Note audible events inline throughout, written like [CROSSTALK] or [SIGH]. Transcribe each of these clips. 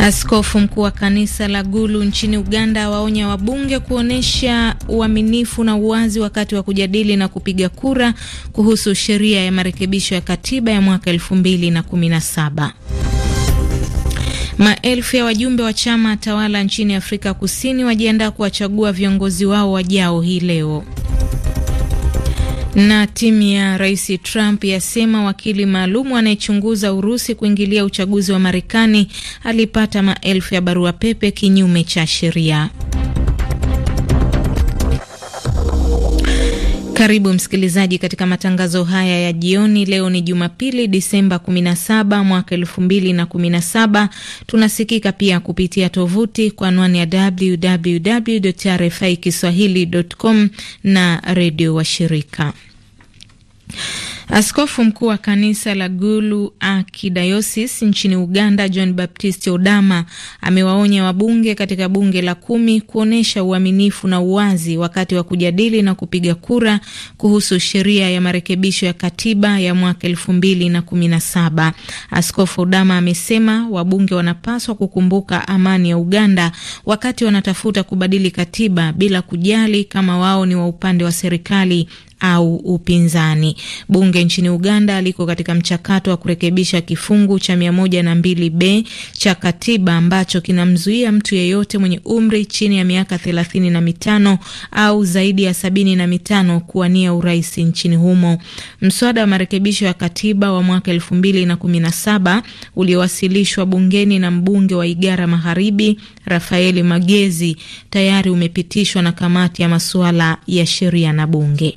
Askofu mkuu wa kanisa la Gulu nchini Uganda waonya wabunge kuonyesha uaminifu na uwazi wakati wa kujadili na kupiga kura kuhusu sheria ya marekebisho ya katiba ya mwaka saba. Maelfu ya wajumbe wa chama tawala nchini Afrika Kusini wajiandaa kuwachagua viongozi wao wajao hii leo. Na timu ya rais Trump yasema wakili maalum anayechunguza Urusi kuingilia uchaguzi wa Marekani alipata maelfu ya barua pepe kinyume cha sheria. Karibu msikilizaji katika matangazo haya ya jioni. Leo ni Jumapili, Disemba 17 mwaka 2017. Tunasikika pia kupitia tovuti kwa anwani ya www RFI kiswahili.com na redio washirika. Askofu mkuu wa kanisa la Gulu Archdiocese nchini Uganda, John Baptist Odama amewaonya wabunge katika bunge la kumi kuonyesha uaminifu na uwazi wakati wa kujadili na kupiga kura kuhusu sheria ya marekebisho ya katiba ya mwaka elfu mbili na kumi na saba. Askofu Odama amesema wabunge wanapaswa kukumbuka amani ya Uganda wakati wanatafuta kubadili katiba bila kujali kama wao ni wa upande wa serikali au upinzani. Bunge nchini Uganda liko katika mchakato wa kurekebisha kifungu cha mia moja na mbili b cha katiba ambacho kinamzuia mtu yeyote mwenye umri chini ya miaka thelathini na mitano au zaidi ya sabini na mitano kuwania urais nchini humo. Mswada wa marekebisho ya katiba wa mwaka elfu mbili na kumi na saba uliowasilishwa bungeni na mbunge wa Igara Magharibi Rafaeli Magezi tayari umepitishwa na kamati ya masuala ya sheria na bunge.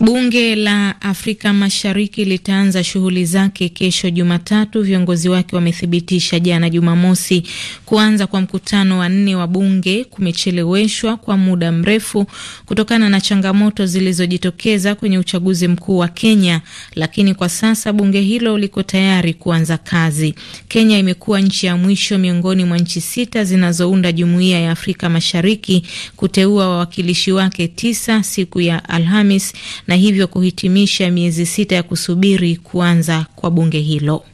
Bunge la Afrika Mashariki litaanza shughuli zake kesho Jumatatu, viongozi wake wamethibitisha jana Jumamosi. Kuanza kwa mkutano wa nne wa bunge kumecheleweshwa kwa muda mrefu kutokana na changamoto zilizojitokeza kwenye uchaguzi mkuu wa Kenya, lakini kwa sasa bunge hilo liko tayari kuanza kazi. Kenya imekuwa nchi ya mwisho miongoni mwa nchi sita zinazounda Jumuiya ya Afrika Mashariki kuteua wawakilishi wake tisa siku ya Alhamis na hivyo kuhitimisha miezi sita ya kusubiri kuanza kwa bunge hilo.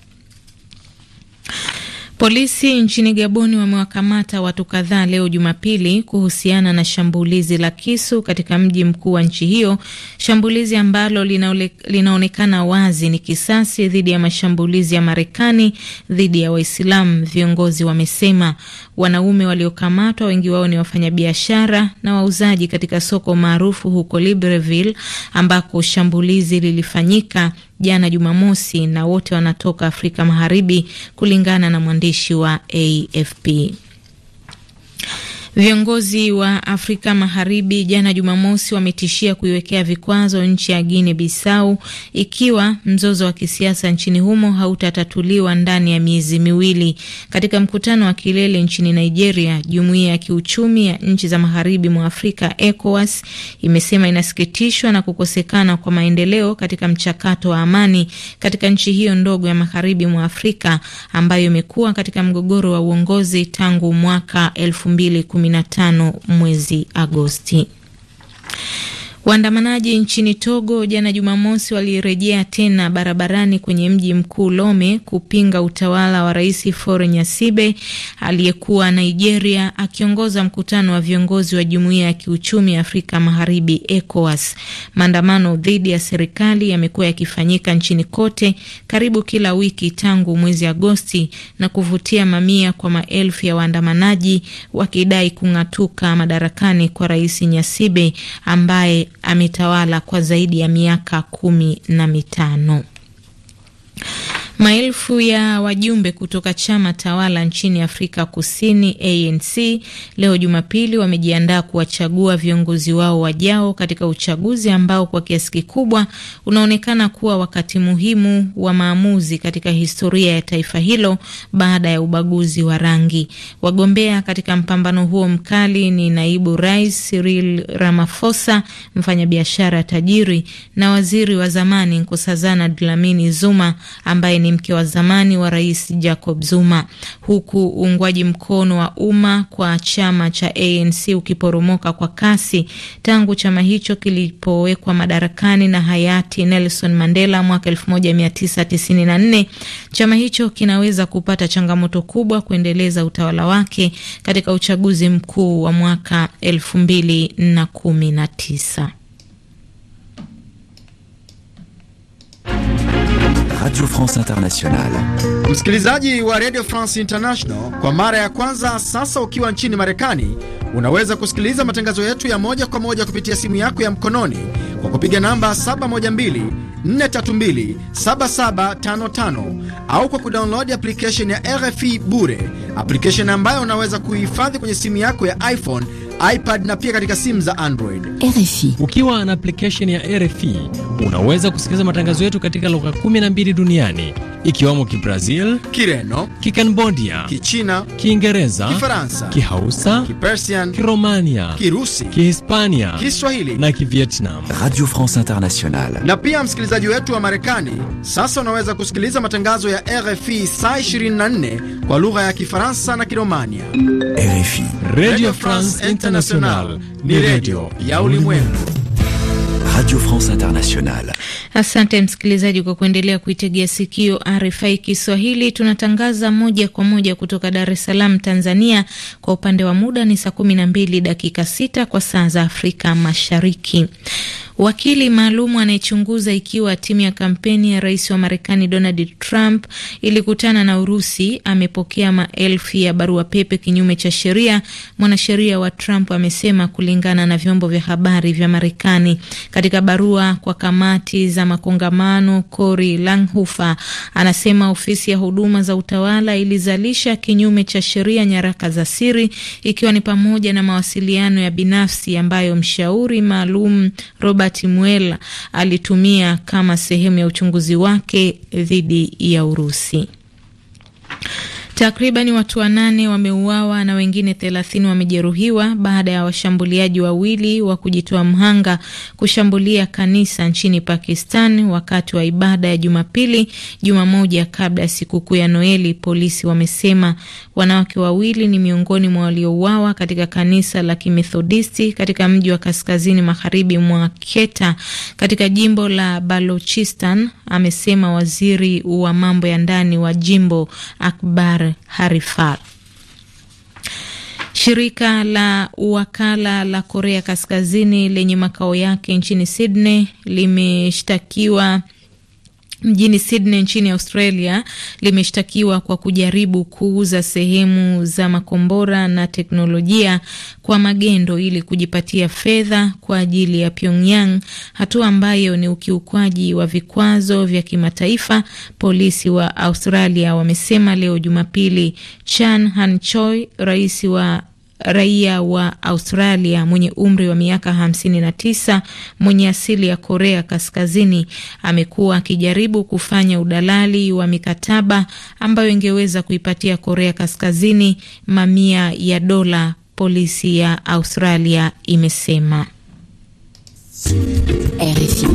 Polisi nchini Gaboni wamewakamata watu kadhaa leo Jumapili kuhusiana na shambulizi la kisu katika mji mkuu wa nchi hiyo, shambulizi ambalo linaonekana wazi ni kisasi dhidi ya mashambulizi ya Marekani dhidi ya Waislamu. Viongozi wamesema wanaume waliokamatwa wengi wao ni wafanyabiashara na wauzaji katika soko maarufu huko Libreville ambako shambulizi lilifanyika jana Jumamosi, na wote wanatoka Afrika Magharibi, kulingana na mwandishi wa AFP. Viongozi wa Afrika Magharibi jana Jumamosi wametishia kuiwekea vikwazo nchi ya Guinea Bissau ikiwa mzozo wa kisiasa nchini humo hautatatuliwa ndani ya miezi miwili. Katika mkutano wa kilele nchini Nigeria, jumuiya ya kiuchumi ya nchi za magharibi mwa Afrika ECOWAS imesema inasikitishwa na kukosekana kwa maendeleo katika mchakato wa amani katika nchi hiyo ndogo ya magharibi mwa Afrika ambayo imekuwa katika mgogoro wa uongozi tangu mwaka elfu mbili kumi 15 mwezi Agosti. Waandamanaji nchini Togo jana Jumamosi walirejea tena barabarani kwenye mji mkuu Lome kupinga utawala wa Rais Faure Nyasibe aliyekuwa Nigeria akiongoza mkutano wa viongozi wa Jumuiya ya Kiuchumi Afrika Magharibi ECOWAS. Maandamano dhidi ya serikali yamekuwa yakifanyika nchini kote karibu kila wiki tangu mwezi Agosti na kuvutia mamia kwa maelfu ya waandamanaji wakidai kung'atuka madarakani kwa Rais Nyasibe ambaye ametawala kwa zaidi ya miaka kumi na mitano. Maelfu ya wajumbe kutoka chama tawala nchini Afrika Kusini ANC leo Jumapili wamejiandaa kuwachagua viongozi wao wajao katika uchaguzi ambao kwa kiasi kikubwa unaonekana kuwa wakati muhimu wa maamuzi katika historia ya taifa hilo baada ya ubaguzi wa rangi. Wagombea katika mpambano huo mkali ni naibu rais Cyril Ramaphosa, mfanyabiashara tajiri na waziri wa zamani Nkosazana Dlamini Zuma ambaye ni mke wa zamani wa rais Jacob Zuma, huku uungwaji mkono wa umma kwa chama cha ANC ukiporomoka kwa kasi tangu chama hicho kilipowekwa madarakani na hayati Nelson Mandela mwaka 1994. Chama hicho kinaweza kupata changamoto kubwa kuendeleza utawala wake katika uchaguzi mkuu wa mwaka 2019. Radio France Internationale. Msikilizaji wa Radio France International, kwa mara ya kwanza sasa ukiwa nchini Marekani, unaweza kusikiliza matangazo yetu ya moja kwa moja kupitia simu yako ya mkononi kwa kupiga namba 712-432-7755 au kwa kudownload application ya RFI bure, application ambayo unaweza kuhifadhi kwenye simu yako ya iPhone iPad na pia katika simu za Android. RFI. Ukiwa na application ya RFI unaweza kusikiliza matangazo yetu katika lugha 12 duniani ikiwamo Kibrazil, Kireno, Kikambodia, Kichina, Kiingereza, Kifaransa, Kihausa, Kipersian, Kiromania, Kirusi, Kihispania, Kiswahili na Kivietnam. Radio France Internationale. Na pia msikilizaji wetu wa Marekani sasa unaweza kusikiliza matangazo ya RFI saa 24 kwa lugha ya Kifaransa na Kiromania. RFI. Radio France Internationale. National ni redio ya ulimwengu. Radio France Internationale. Asante msikilizaji kwa kuendelea kuitegea sikio RFI Kiswahili. Tunatangaza moja kwa moja kutoka Dar es Salaam, Tanzania. Kwa upande wa muda ni saa kumi na mbili dakika sita kwa saa za Afrika Mashariki. Wakili maalum anayechunguza ikiwa timu ya kampeni ya rais wa Marekani Donald Trump ilikutana na Urusi amepokea maelfu ya barua pepe kinyume cha sheria, mwanasheria wa Trump amesema, kulingana na vyombo vya habari vya Marekani. Katika katika barua kwa kamati za makongamano, Cory Langhofer anasema ofisi ya huduma za utawala ilizalisha kinyume cha sheria nyaraka za siri, ikiwa ni pamoja na mawasiliano ya binafsi ambayo mshauri maalum Robert Mueller alitumia kama sehemu ya uchunguzi wake dhidi ya Urusi. Takriban watu wanane wameuawa na wengine thelathini wamejeruhiwa baada ya washambuliaji wawili wa kujitoa mhanga kushambulia kanisa nchini Pakistan wakati wa ibada ya Jumapili, juma moja kabla ya sikukuu ya Noeli. Polisi wamesema wanawake wawili ni miongoni mwa waliouawa katika kanisa la Kimethodisti katika mji wa kaskazini magharibi mwa Keta katika jimbo la Balochistan, amesema waziri wa mambo ya ndani wa jimbo Akbar Harifal. Shirika la wakala la Korea Kaskazini lenye makao yake nchini Sydney limeshtakiwa mjini Sydney nchini Australia limeshtakiwa kwa kujaribu kuuza sehemu za makombora na teknolojia kwa magendo ili kujipatia fedha kwa ajili ya Pyongyang, hatua ambayo ni ukiukwaji wa vikwazo vya kimataifa, polisi wa Australia wamesema leo Jumapili. Chan Han Choi, rais wa raia wa Australia mwenye umri wa miaka 59 mwenye asili ya Korea Kaskazini amekuwa akijaribu kufanya udalali wa mikataba ambayo ingeweza kuipatia Korea Kaskazini mamia ya dola, polisi ya Australia imesema. RFI.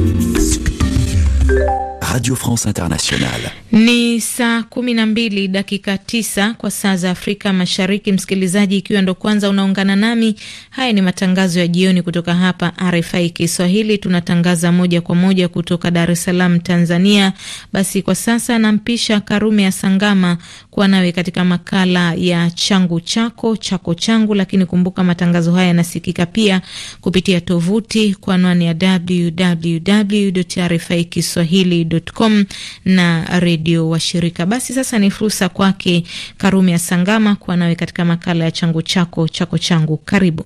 Radio France Internationale. Ni saa kumi na mbili dakika tisa kwa saa za Afrika Mashariki. Msikilizaji, ikiwa ndo kwanza unaungana nami, haya ni matangazo ya jioni kutoka hapa RFI Kiswahili. Tunatangaza moja kwa moja kutoka Dar es Salaam, Tanzania. Basi kwa sasa nampisha Karume ya Sangama kuwa nawe katika makala ya changu chako chako changu, lakini kumbuka matangazo haya yanasikika pia kupitia tovuti kwa anwani ya www.rfikiswahili.com na redio wa shirika. Basi sasa ni fursa kwake Karume ya Sangama kuwa nawe katika makala ya changu chako chako changu. Karibu.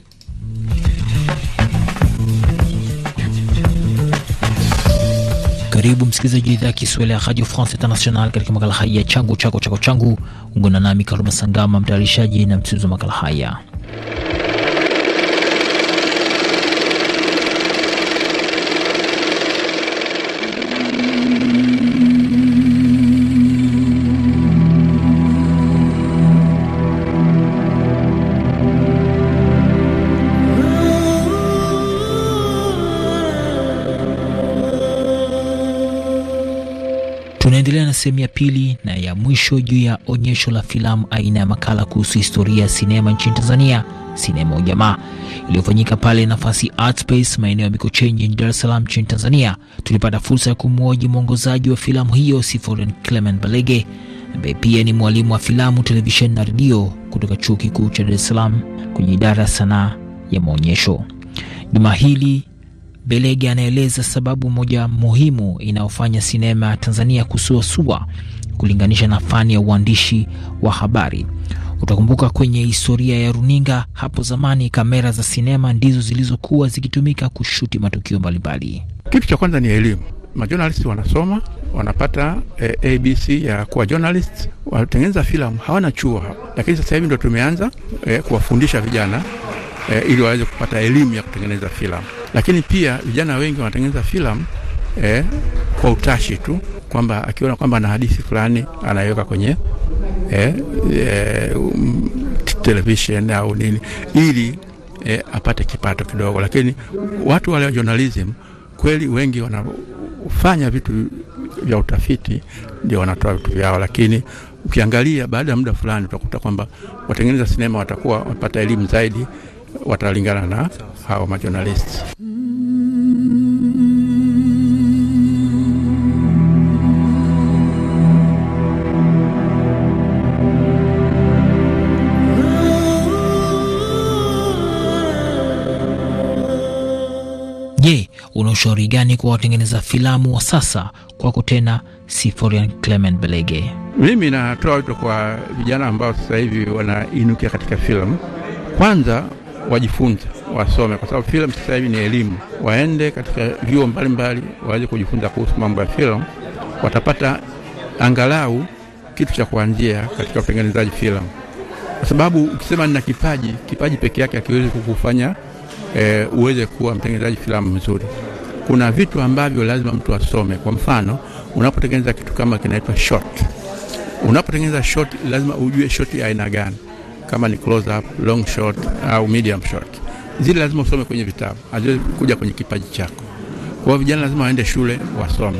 Karibu msikilizaji wa idhaa ya Kiswahili ya Radio France International katika makala haya ya changu chako chako changu. Ungana nami Karuma Sangama, mtayarishaji na mtunzi wa makala haya. Tunaendelea na sehemu ya pili na ya mwisho juu ya onyesho la filamu aina ya makala kuhusu historia ya sinema nchini Tanzania, Sinema Ujamaa, iliyofanyika pale Nafasi Art Space, maeneo ya Mikocheni jijini Dar es Salaam nchini Tanzania. Tulipata fursa ya kumwoji mwongozaji wa filamu hiyo Siforian Clement Balege ambaye pia ni mwalimu wa filamu, televisheni na redio kutoka Chuo Kikuu cha Dar es Salaam kwenye idara ya sanaa ya maonyesho. Juma hili Belege anaeleza sababu moja muhimu inayofanya sinema ya Tanzania kusuasua kulinganisha na fani ya uandishi wa habari. Utakumbuka kwenye historia ya runinga, hapo zamani kamera za sinema ndizo zilizokuwa zikitumika kushuti matukio mbalimbali. Kitu cha kwanza ni elimu. Majournalist wanasoma wanapata eh, abc ya kuwa journalist, watengeneza filamu, hawana chuo hapo, lakini sasa hivi ndo tumeanza eh, kuwafundisha vijana eh, ili waweze kupata elimu ya kutengeneza filamu. Lakini pia vijana wengi wanatengeneza filamu eh, kwa utashi tu kwamba akiona kwamba ana hadithi fulani anaiweka kwenye eh, eh, um, television au nini ili eh, apate kipato kidogo. Lakini watu wale wa journalism kweli wengi wanafanya vitu vya utafiti ndio wanatoa vitu vyao, lakini ukiangalia baada ya muda fulani utakuta kwamba watengeneza sinema watakuwa wapata elimu zaidi watalingana na hawa majonalisti. Je, una ushauri gani kwa watengeneza filamu wa sasa? Kwako tena siforian Clement Belege. Mimi natoa wito kwa vijana ambao sasa hivi wanainukia katika filamu, kwanza wajifunze wasome, kwa sababu filamu sasa hivi ni elimu. Waende katika vyuo mbalimbali waweze kujifunza kuhusu mambo ya filamu, watapata angalau kitu cha kuanzia katika utengenezaji filamu, kwa sababu ukisema nina kipaji, kipaji peke yake hakiwezi kukufanya e, uweze kuwa mtengenezaji filamu mzuri. Kuna vitu ambavyo lazima mtu asome. Kwa mfano, unapotengeneza kitu kama kinaitwa shot, unapotengeneza short lazima ujue shot ya aina gani kama ni close up, long shot au medium shot, zile lazima usome kwenye vitabu, haziwezi kuja kwenye kipaji chako. Kwa hiyo vijana lazima waende shule wasome.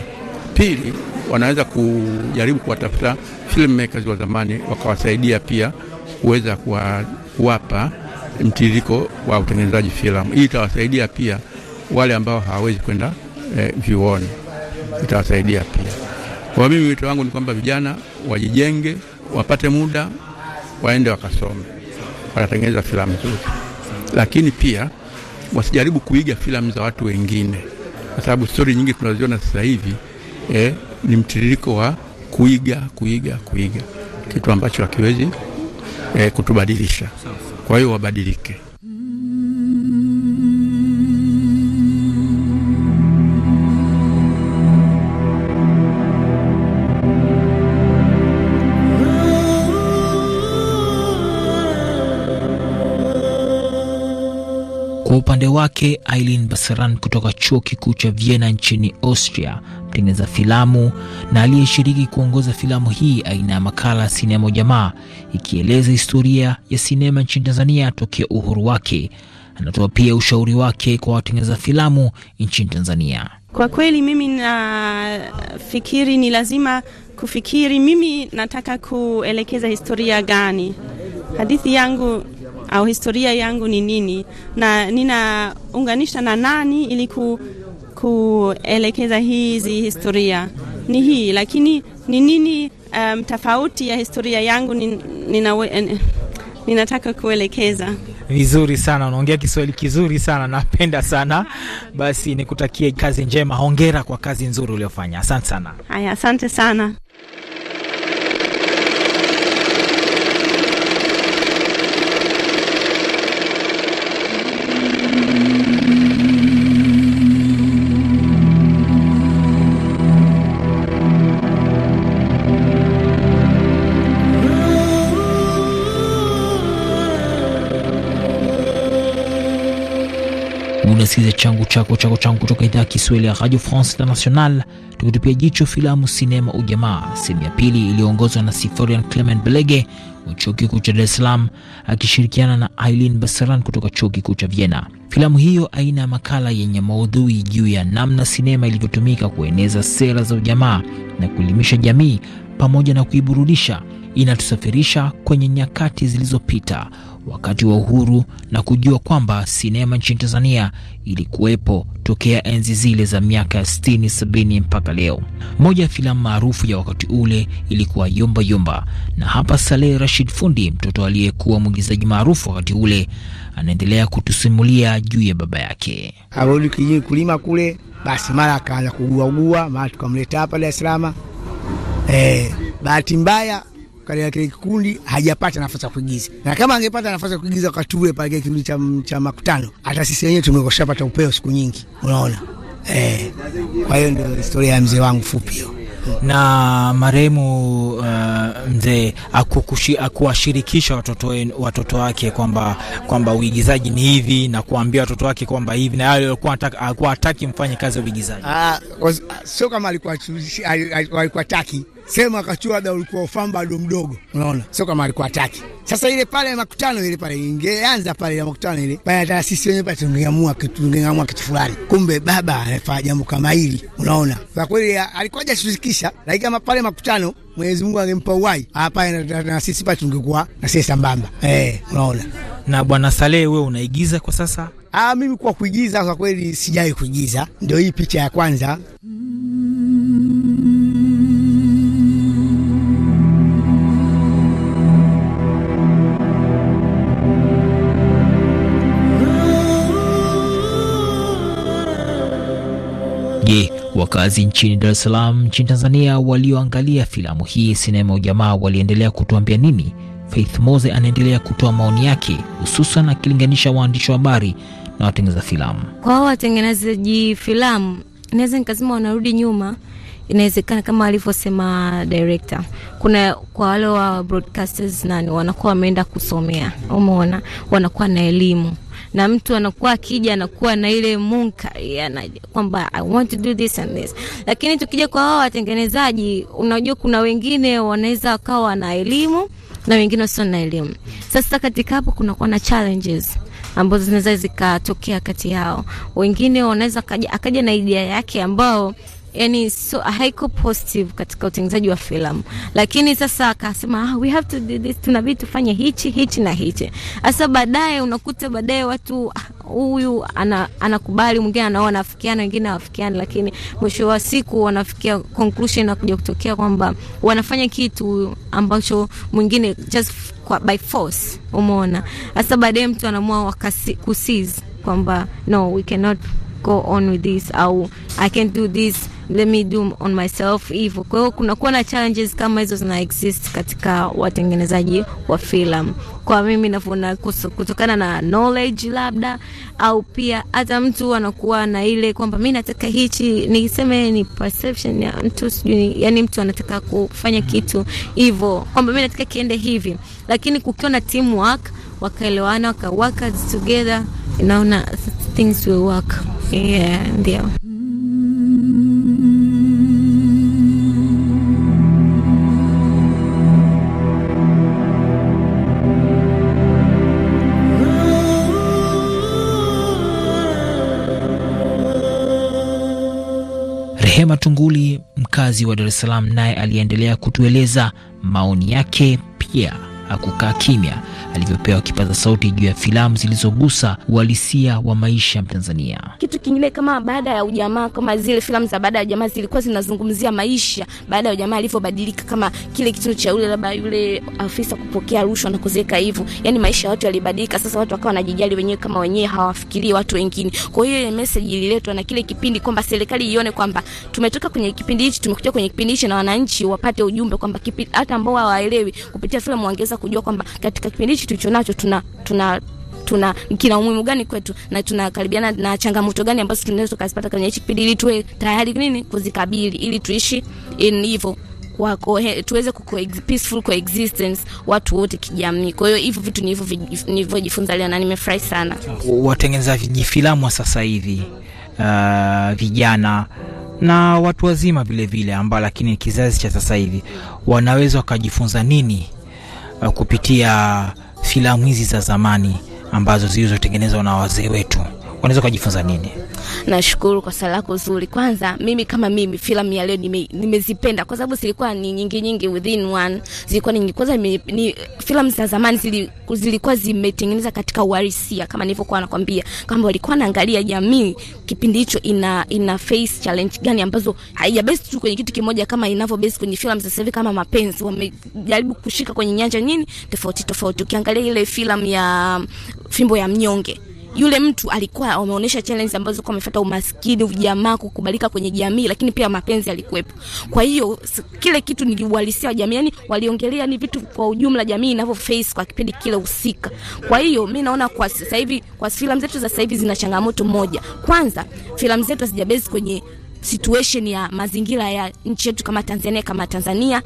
Pili, wanaweza kujaribu kuwatafuta filmmakers wa zamani wakawasaidia pia kuweza kuwapa mtiririko wa utengenezaji filamu. Hii itawasaidia pia wale ambao hawawezi kwenda eh, vyuoni, itawasaidia pia. Kwa mimi wito wangu ni kwamba vijana wajijenge, wapate muda waende wakasome wakatengeneza filamu nzuri, lakini pia wasijaribu kuiga filamu za watu wengine, kwa sababu stori nyingi tunaziona sasa hivi eh, ni mtiririko wa kuiga kuiga kuiga, kitu ambacho hakiwezi eh, kutubadilisha. Kwa hiyo wabadilike. wake Aileen Basaran kutoka chuo kikuu cha Vienna nchini Austria, mtengeneza filamu na aliyeshiriki kuongoza filamu hii aina ya makala Sinema Jamaa, ikieleza historia ya sinema nchini Tanzania tokea uhuru wake. Anatoa pia ushauri wake kwa watengeneza filamu nchini Tanzania. Kwa kweli mimi nafikiri ni lazima kufikiri, mimi nataka kuelekeza historia gani. Hadithi yangu au historia yangu ni nini na ninaunganisha na nani ili ku, kuelekeza hizi historia ni hii, lakini ni nini um, tofauti ya historia yangu nin, ninawe, ninataka kuelekeza vizuri sana. Unaongea Kiswahili kizuri sana, napenda sana. Basi nikutakie kazi njema, hongera kwa kazi nzuri uliofanya. Asante sana. Haya, asante sana. Usikilize changu chako chako changu kutoka idhaa ya Kiswahili ya Radio France International, tukitupia jicho filamu sinema Ujamaa sehemu ya pili, iliyoongozwa na Siforian Clement Belege wa chuo kikuu cha Dar es Salaam akishirikiana na ailin Basaran kutoka chuo kikuu cha Vienna. Filamu hiyo aina ya makala yenye maudhui juu ya namna sinema ilivyotumika kueneza sera za ujamaa na kuelimisha jamii pamoja na kuiburudisha, inatusafirisha kwenye nyakati zilizopita wakati wa uhuru na kujua kwamba sinema nchini Tanzania ilikuwepo tokea enzi zile za miaka ya 60 70 mpaka leo. Moja ya filamu maarufu ya wakati ule ilikuwa Yumba Yumba, na hapa Saleh Rashid Fundi, mtoto aliyekuwa mwigizaji maarufu wakati ule, anaendelea kutusimulia juu ya baba yake. Arudi kijini kulima kule, basi mara akaanza kuguaugua, mara tukamleta hapa Dar es Salaam. Eh, bahati mbaya katika kile kikundi hajapata nafasi ya kuigiza, na kama angepata nafasi ya kuigiza wakati ule pale kile kikundi cha, cha makutano, hata sisi wenyewe tumekoshapata upeo siku nyingi, unaona eh. Kwa hiyo ndio historia ya mzee wangu fupi hiyo na marehemu uh, mzee akukushi, akuwashirikisha watoto, watoto wake kwamba kwamba uigizaji ni hivi na kuambia watoto wake kwamba hivi na yale alikuwa hataki mfanye kazi ya uigizaji. Ah, sio kama alikuwa alikuwa hataki sema Kachwada ulikuwa ufahamu bado mdogo, unaona, sio kama alikuwa ataki. Sasa ile pale makutano ile pale ingeanza pale ya makutano ile pale, hata sisi wenyewe pale tungeamua kitu, tungeamua kitu fulani, kumbe baba anafanya jambo kama hili, unaona. Kwa kweli alikuwa hajashirikisha, lakini kama pale makutano Mwenyezi Mungu angempa uhai hapa ah, na na, na sisi pale tungekuwa na sisi sambamba, eh, unaona. Na bwana Saleh, wewe unaigiza kwa sasa? Ah, mimi kwa kuigiza kwa kweli sijai kuigiza, ndio hii picha ya kwanza mm. Je, wakazi nchini Dar es Salaam nchini Tanzania walioangalia filamu hii sinema Ujamaa waliendelea kutuambia nini? Faith Moze anaendelea kutoa maoni yake, hususan akilinganisha waandishi wa habari na watengeneza filamu. Kwa hao watengenezaji filamu, naweza nikasema wanarudi nyuma. Inawezekana kama alivyosema director, kuna kwa wale wa broadcasters nani wanakuwa wameenda kusomea, umeona, wanakuwa na elimu na mtu anakuwa akija anakuwa na ile munka kwamba I want to do this and this. Lakini tukija kwa hao watengenezaji, unajua kuna wengine wanaweza wakawa na elimu na wengine wasio na elimu. Sasa katika hapo kunakuwa na challenges ambazo zinaweza zikatokea kati yao. Wengine wanaweza akaja na idea yake ambao yani so, haiko positive katika utengenezaji wa filamu, lakini sasa akasema ah, we have to do this, tunabidi tufanye hichi hichi na hichi. Sasa baadaye unakuta baadaye watu huyu ana, anakubali, mwingine anaona anafikiana, wengine hawafikiani, lakini mwisho wa siku wanafikia conclusion na kuja kutokea kwamba wanafanya kitu ambacho mwingine just kwa, by force. Umeona, sasa baadaye mtu anaamua kusiz kwamba no we cannot go on with this au I can do this let me do on myself hivyo. Kwa hiyo kunakuwa na challenges kama hizo zina exist katika watengenezaji wa filamu, kwa mimi navuna kutokana na knowledge labda, au pia hata mtu anakuwa na ile kwamba mi nataka hichi, niseme ni perception ya mtu sijui, yani mtu anataka kufanya kitu hivyo kwamba mi nataka kiende hivi, lakini kukiwa na teamwork wakaelewana, waka work together, naona things will work. Yeah, ndio. Rehema Tunguli, mkazi wa Dar es Salaam, naye aliendelea kutueleza maoni yake pia hakukaa kimya alivyopewa kipaza sauti juu ya filamu zilizogusa uhalisia wa maisha ya Mtanzania. Kitu kingine kama baada ya ujamaa, kama zile filamu za baada ya ujamaa zilikuwa zinazungumzia maisha baada ya ujamaa alivyobadilika, kama kile kitendo cha yule labda yule afisa kupokea rushwa na kuzeeka hivyo, yani maisha ya watu yalibadilika. Sasa watu wakawa wanajijali wenyewe kama wenyewe, hawafikirii watu wengine. Kwa hiyo ile message ililetwa na kile kipindi kwamba serikali ione kwamba tumetoka kwenye kipindi hichi tumekuja kwenye kipindi hichi, na wananchi wapate ujumbe kwamba hata ambao hawaelewi kupitia filamu wangeweza kujua kwamba katika kipindi hichi tulichonacho tuna tuna tuna kina umuhimu gani kwetu na tunakaribiana na changamoto gani ambazo tunaweza tukazipata kwenye hichi kipindi, ili tuwe tayari nini kuzikabili, ili tuishi in hivyo tuweze ku peaceful coexistence watu wote kijamii. Kwa hiyo hivyo vitu nilivyojifunza leo na nimefurahi sana. Watengeneza vijifilamu wa sasa hivi uh, vijana na watu wazima vilevile, ambao lakini kizazi cha sasa hivi wanaweza wakajifunza nini Eh, kupitia filamu hizi za zamani ambazo zilizotengenezwa na wazee wetu unaweza kujifunza nini? Nashukuru kwa swali lako zuri. Kwanza mimi kama mimi filamu ya leo nime, nimezipenda kwa sababu zilikuwa ni nyingi nyingi within one. Zilikuwa ni kwanza ni, ni filamu za zamani zili, zilikuwa zimetengeneza katika uhalisia kama nilivyokuwa nakwambia kwamba walikuwa naangalia jamii kipindi hicho ina ina face challenge gani ambazo haija haijabase tu kwenye kitu kimoja kama inavyo inavyobase kwenye filamu za sasa hivi kama mapenzi wamejaribu kushika kwenye nyanja nyingi tofauti tofauti. Ukiangalia ile filamu ya Fimbo ya Mnyonge yule mtu alikuwa ameonyesha challenge ambazo kwa amefuata umaskini, ujamaa, kukubalika kwenye jamii, lakini pia mapenzi alikuwepo Kwa hiyo kile kitu ni uhalisia wa jamii, yani waliongelea ni vitu kwa ujumla jamii inavyo face kwa kipindi kile husika. Kwa hiyo mimi naona kwa sasa hivi kwa filamu zetu za sasa hivi zina changamoto moja. Kwanza, filamu zetu hazijabezi kwenye situation ya mazingira ya nchi yetu kama Tanzania, kama Tanzania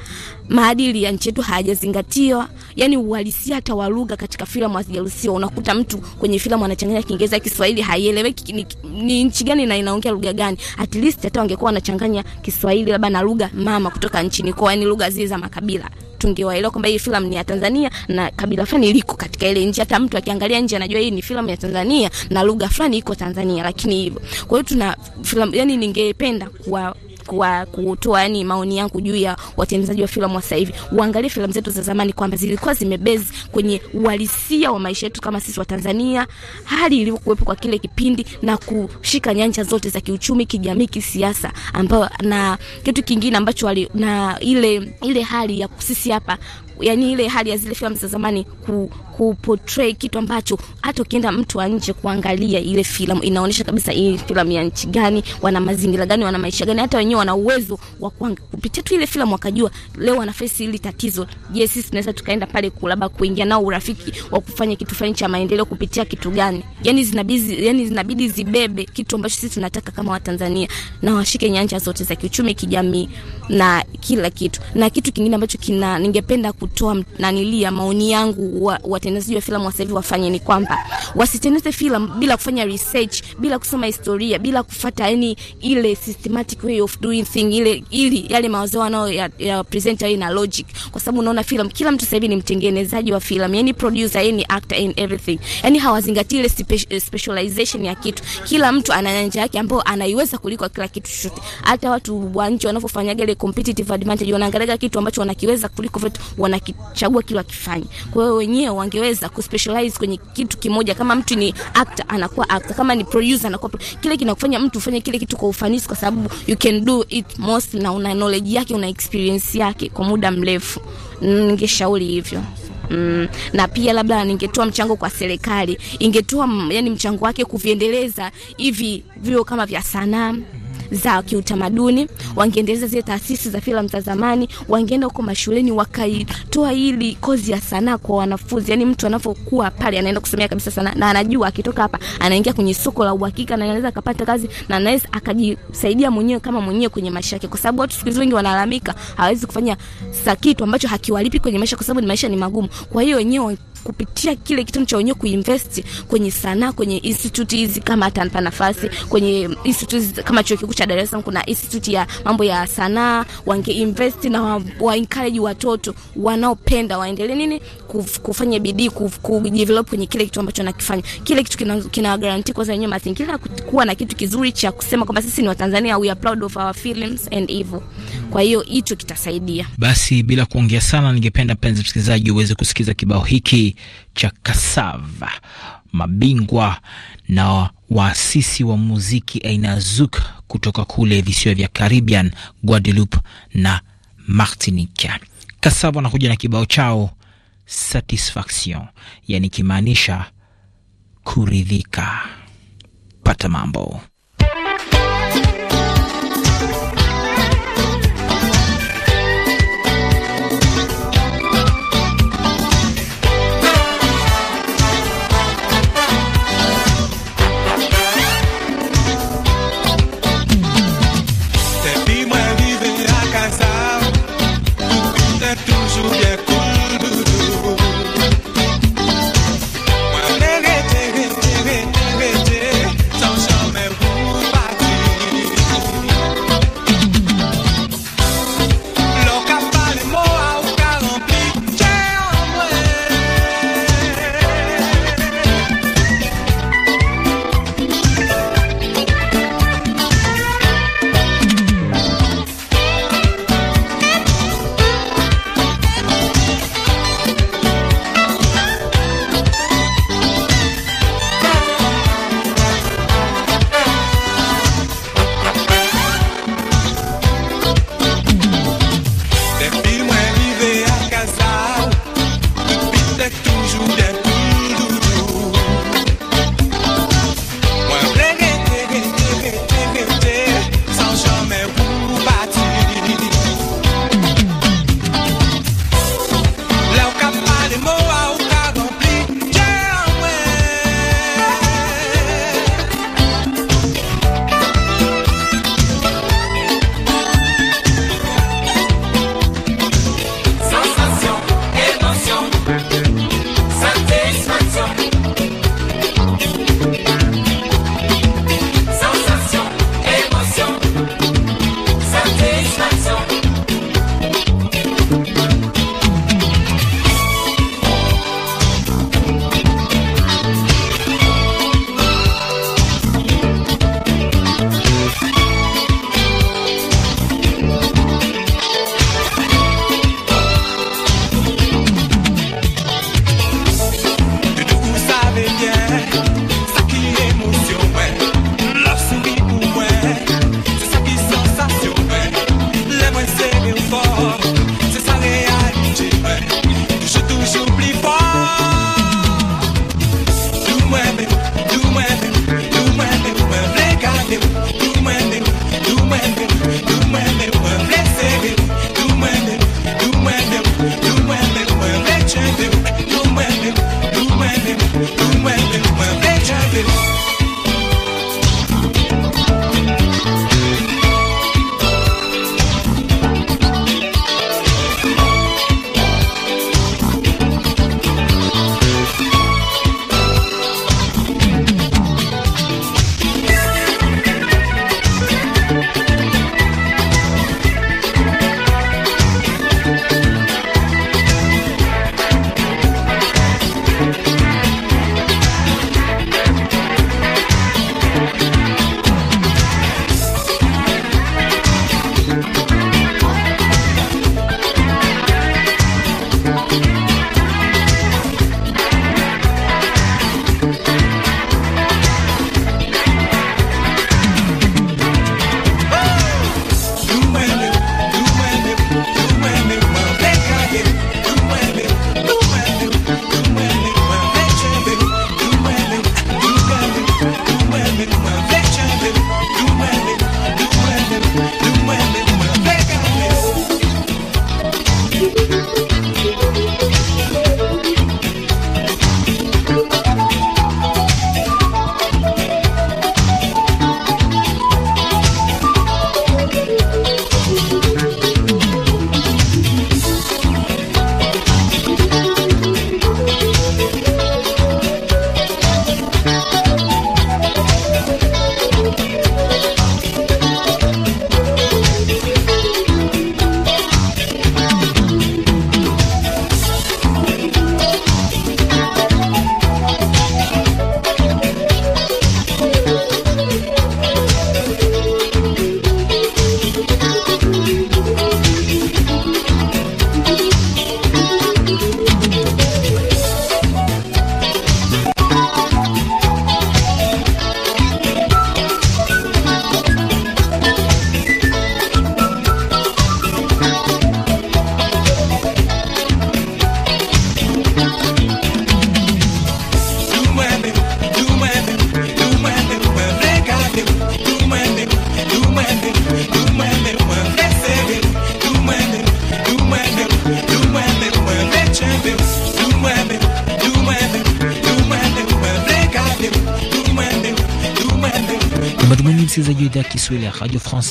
maadili ya nchi yetu hayajazingatiwa, yani uhalisia hata wa lugha katika filamu hazijaruhusiwa. Unakuta mtu kwenye filamu anachanganya Kiingereza Kiswahili, haieleweki ni, ni nchi gani na inaongea lugha gani. At least hata wangekuwa wanachanganya Kiswahili labda na lugha mama kutoka nchini kwao, yani lugha zile za makabila tungewaelewa kwamba hii filamu ni ya Tanzania na kabila fulani liko katika ile nchi. Hata mtu akiangalia nje anajua hii ni filamu ya Tanzania na lugha fulani iko Tanzania, lakini hivyo. Kwa hiyo tuna filamu, yani ningependa kuwa kwa kutoa yani maoni yangu juu ya watengenezaji wa filamu sasa hivi. Uangalie filamu zetu za zamani kwamba zilikuwa zimebezi kwenye uhalisia wa maisha yetu kama sisi wa Tanzania, hali ilivyokuwepo kwa kile kipindi na kushika nyanja zote za kiuchumi, kijamii, kisiasa ambao na kitu kingine ambacho wali, na ile ile hali ya sisi hapa yani ile hali ya zile filamu za zamani ku, ku kitu ambacho hata ukienda mtu wa nje kuangalia ile filamu inaonyesha kabisa hii filamu ya nchi gani, wana mazingira gani, wana maisha gani, hata wenyewe wana uwezo wa kupitia tu ile filamu wakajua leo wana face hili tatizo. Je, yes, sisi tunaweza tukaenda pale kulaba kuingia nao urafiki wa kufanya kitu fulani cha maendeleo kupitia kitu gani? Yani zinabidi, yani zinabidi zibebe kitu ambacho sisi tunataka kama Watanzania na washike nyanja zote za kiuchumi, kijamii na kila kitu. Na kitu kingine ambacho kina ningependa ku kutoa nanili ya maoni yangu, watengenezaji wa filamu wa sasa hivi wafanye ni kwamba wasitengeneze filamu bila kufanya research, bila kusoma historia, bila kufuata yani ile systematic way of doing thing ile ili yale mawazo wanao ya, ya presenter ina logic, kwa sababu unaona filamu, kila mtu sasa hivi ni mtengenezaji wa filamu, yani producer, yani actor and everything, yani hawazingatii ile specialization ya kitu. Kila mtu ana nyanja yake ambayo anaiweza kuliko kila kitu chochote. Hata watu wa nje wanapofanyaga ile competitive advantage, wanaangalia kitu ambacho wanakiweza kuliko vitu wana anachagua kile akifanya. Kwa hiyo wenyewe wangeweza specialize kwenye kitu kimoja, kama mtu ni actor anakuwa actor, kama ni producer anakuwa kile kinakufanya mtu ufanye kile kitu kwa ufanisi, kwa sababu you can do it most, na una knowledge yake, una experience yake kwa muda mrefu. Ningeshauri hivyo. Mm, na pia labda ningetoa mchango kwa serikali, ingetoa yani mchango wake kuviendeleza hivi vio kama vya sanaa za kiutamaduni, wangeendeleza zile taasisi za filamu za zamani, wangeenda huko mashuleni wakaitoa ili kozi ya sanaa kwa wanafunzi. Yani mtu anapokuwa pale anaenda kusomea kabisa sanaa na anajua akitoka hapa anaingia kwenye soko la uhakika na anaweza akapata kazi na anaweza akajisaidia mwenyewe kama mwenyewe kwenye maisha yake, kwa sababu watu siku hizi wengi wanalalamika hawezi kufanya kitu ambacho hakiwalipi kwenye maisha, kwa sababu ni maisha ni magumu. Kwa hiyo wenyewe kupitia kile kitendo cha wenyewe kuinvest kwenye sanaa, kwenye institute hizi, kama hata nafasi kwenye institute kama chuo kikuu cha Dar es Salaam kuna institute ya mambo ya sanaa, invest na wa, wa watoto wanaopenda waendelee nini kuf, kufanya bidii kujidevelop kwenye kile kitu ambacho nakifanya Kile kitu kina, kina guarantee kwanza wenyewe mazingira kuwa na kitu kizuri cha kusema kwamba sisi ni Watanzania, we are proud of our films and evil. Kwa hiyo hicho kitasaidia. Basi bila kuongea sana, ningependa mpenzi msikilizaji uweze kusikiza kibao hiki cha Kasava mabingwa na waasisi wa muziki aina ya Zouk kutoka kule visiwa vya Caribbean, Guadeloupe na Martinique. Kasava wanakuja na kibao chao Satisfaction, yani kimaanisha kuridhika. Pata mambo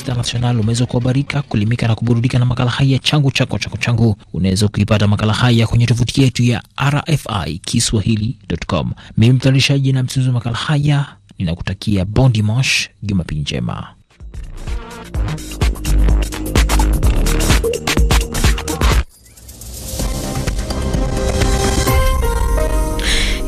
France International umeweza kuhabarika, kulimika na kuburudika na makala haya changu chako chako changu. Unaweza kuipata makala haya kwenye tovuti yetu ya RFI Kiswahili.com. Mimi mtayarishaji na msimuzi wa makala haya ninakutakia bon mosh, jumapili njema.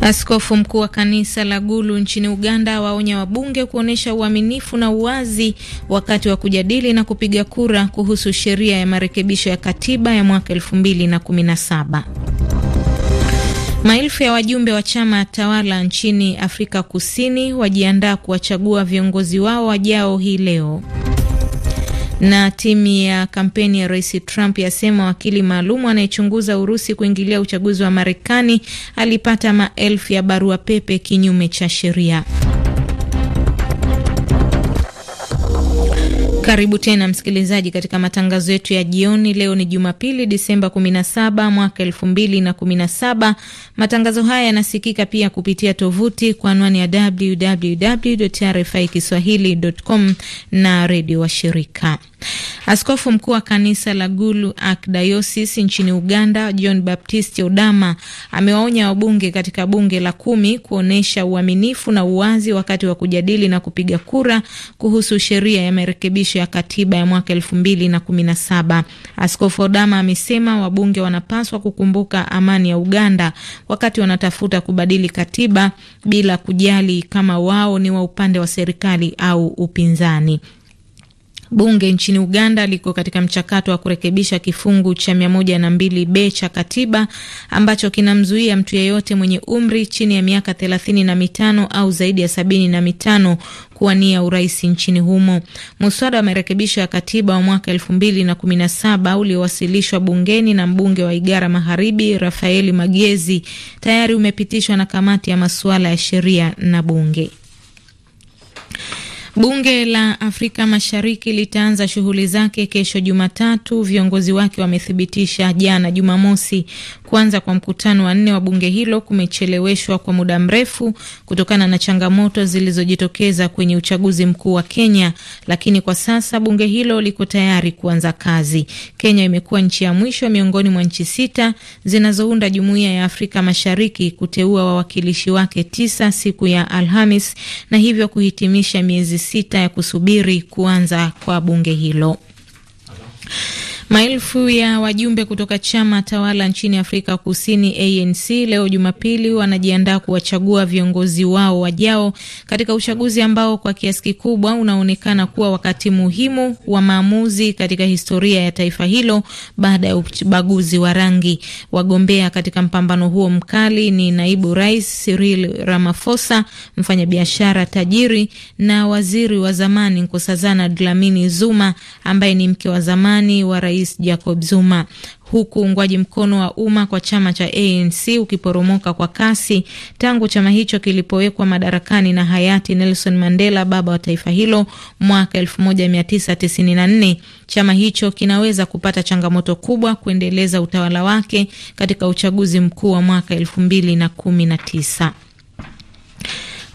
Askofu mkuu wa kanisa la Gulu nchini Uganda waonya wabunge kuonyesha uaminifu na uwazi wakati wa kujadili na kupiga kura kuhusu sheria ya marekebisho ya katiba ya mwaka saba. Maelfu ya wajumbe wa chama tawala nchini Afrika Kusini wajiandaa kuwachagua viongozi wao wajao hii leo. Na timu ya kampeni ya Rais Trump yasema wakili maalum anayechunguza Urusi kuingilia uchaguzi wa Marekani alipata maelfu ya barua pepe kinyume cha sheria. Karibu tena msikilizaji, katika matangazo yetu ya jioni. Leo ni Jumapili, Disemba 17 mwaka 2017. Matangazo haya yanasikika pia kupitia tovuti kwa anwani ya www RFI kiswahilicom na redio wa shirika. Askofu mkuu wa kanisa la Gulu akdayosis nchini Uganda, John Baptist Odama amewaonya wabunge katika bunge la kumi kuonyesha uaminifu na uwazi wakati wa kujadili na kupiga kura kuhusu sheria ya marekebisho marekebisho ya katiba ya mwaka elfu mbili na kumi na saba. Askofu Odama amesema wabunge wanapaswa kukumbuka amani ya Uganda wakati wanatafuta kubadili katiba bila kujali kama wao ni wa upande wa serikali au upinzani. Bunge nchini Uganda liko katika mchakato wa kurekebisha kifungu cha 102b cha katiba ambacho kinamzuia mtu yeyote mwenye umri chini ya miaka thelathini na mitano au zaidi ya sabini na mitano kuwania urais nchini humo. Muswada wa marekebisho ya katiba wa mwaka elfu mbili na kumi na saba uliowasilishwa bungeni na mbunge wa Igara Magharibi Rafaeli Magezi tayari umepitishwa na kamati ya masuala ya sheria na bunge. Bunge la Afrika Mashariki litaanza shughuli zake kesho Jumatatu, viongozi wake wamethibitisha jana Jumamosi, kuanza kwa mkutano wa nne wa bunge hilo kumecheleweshwa kwa muda mrefu kutokana na changamoto zilizojitokeza kwenye uchaguzi mkuu wa Kenya, lakini kwa sasa bunge hilo liko tayari kuanza kazi. Kenya imekuwa nchi ya mwisho miongoni mwa nchi sita zinazounda Jumuiya ya Afrika Mashariki kuteua wawakilishi wake tisa siku ya Alhamis na hivyo kuhitimisha miezi sita ya kusubiri kuanza kwa bunge hilo. Maelfu ya wajumbe kutoka chama tawala nchini Afrika Kusini ANC leo Jumapili wanajiandaa kuwachagua viongozi wao wajao katika uchaguzi ambao kwa kiasi kikubwa unaonekana kuwa wakati muhimu wa maamuzi katika historia ya taifa hilo baada ya ubaguzi wa rangi. Wagombea katika mpambano huo mkali ni naibu rais Cyril Ramaphosa, mfanyabiashara tajiri na waziri wa zamani Nkosazana Dlamini Zuma ambaye ni mke wa zamani wa rais Rais Jacob Zuma, huku ungwaji mkono wa umma kwa chama cha ANC ukiporomoka kwa kasi tangu chama hicho kilipowekwa madarakani na hayati Nelson Mandela, baba wa taifa hilo, mwaka 1994. Chama hicho kinaweza kupata changamoto kubwa kuendeleza utawala wake katika uchaguzi mkuu wa mwaka 2019.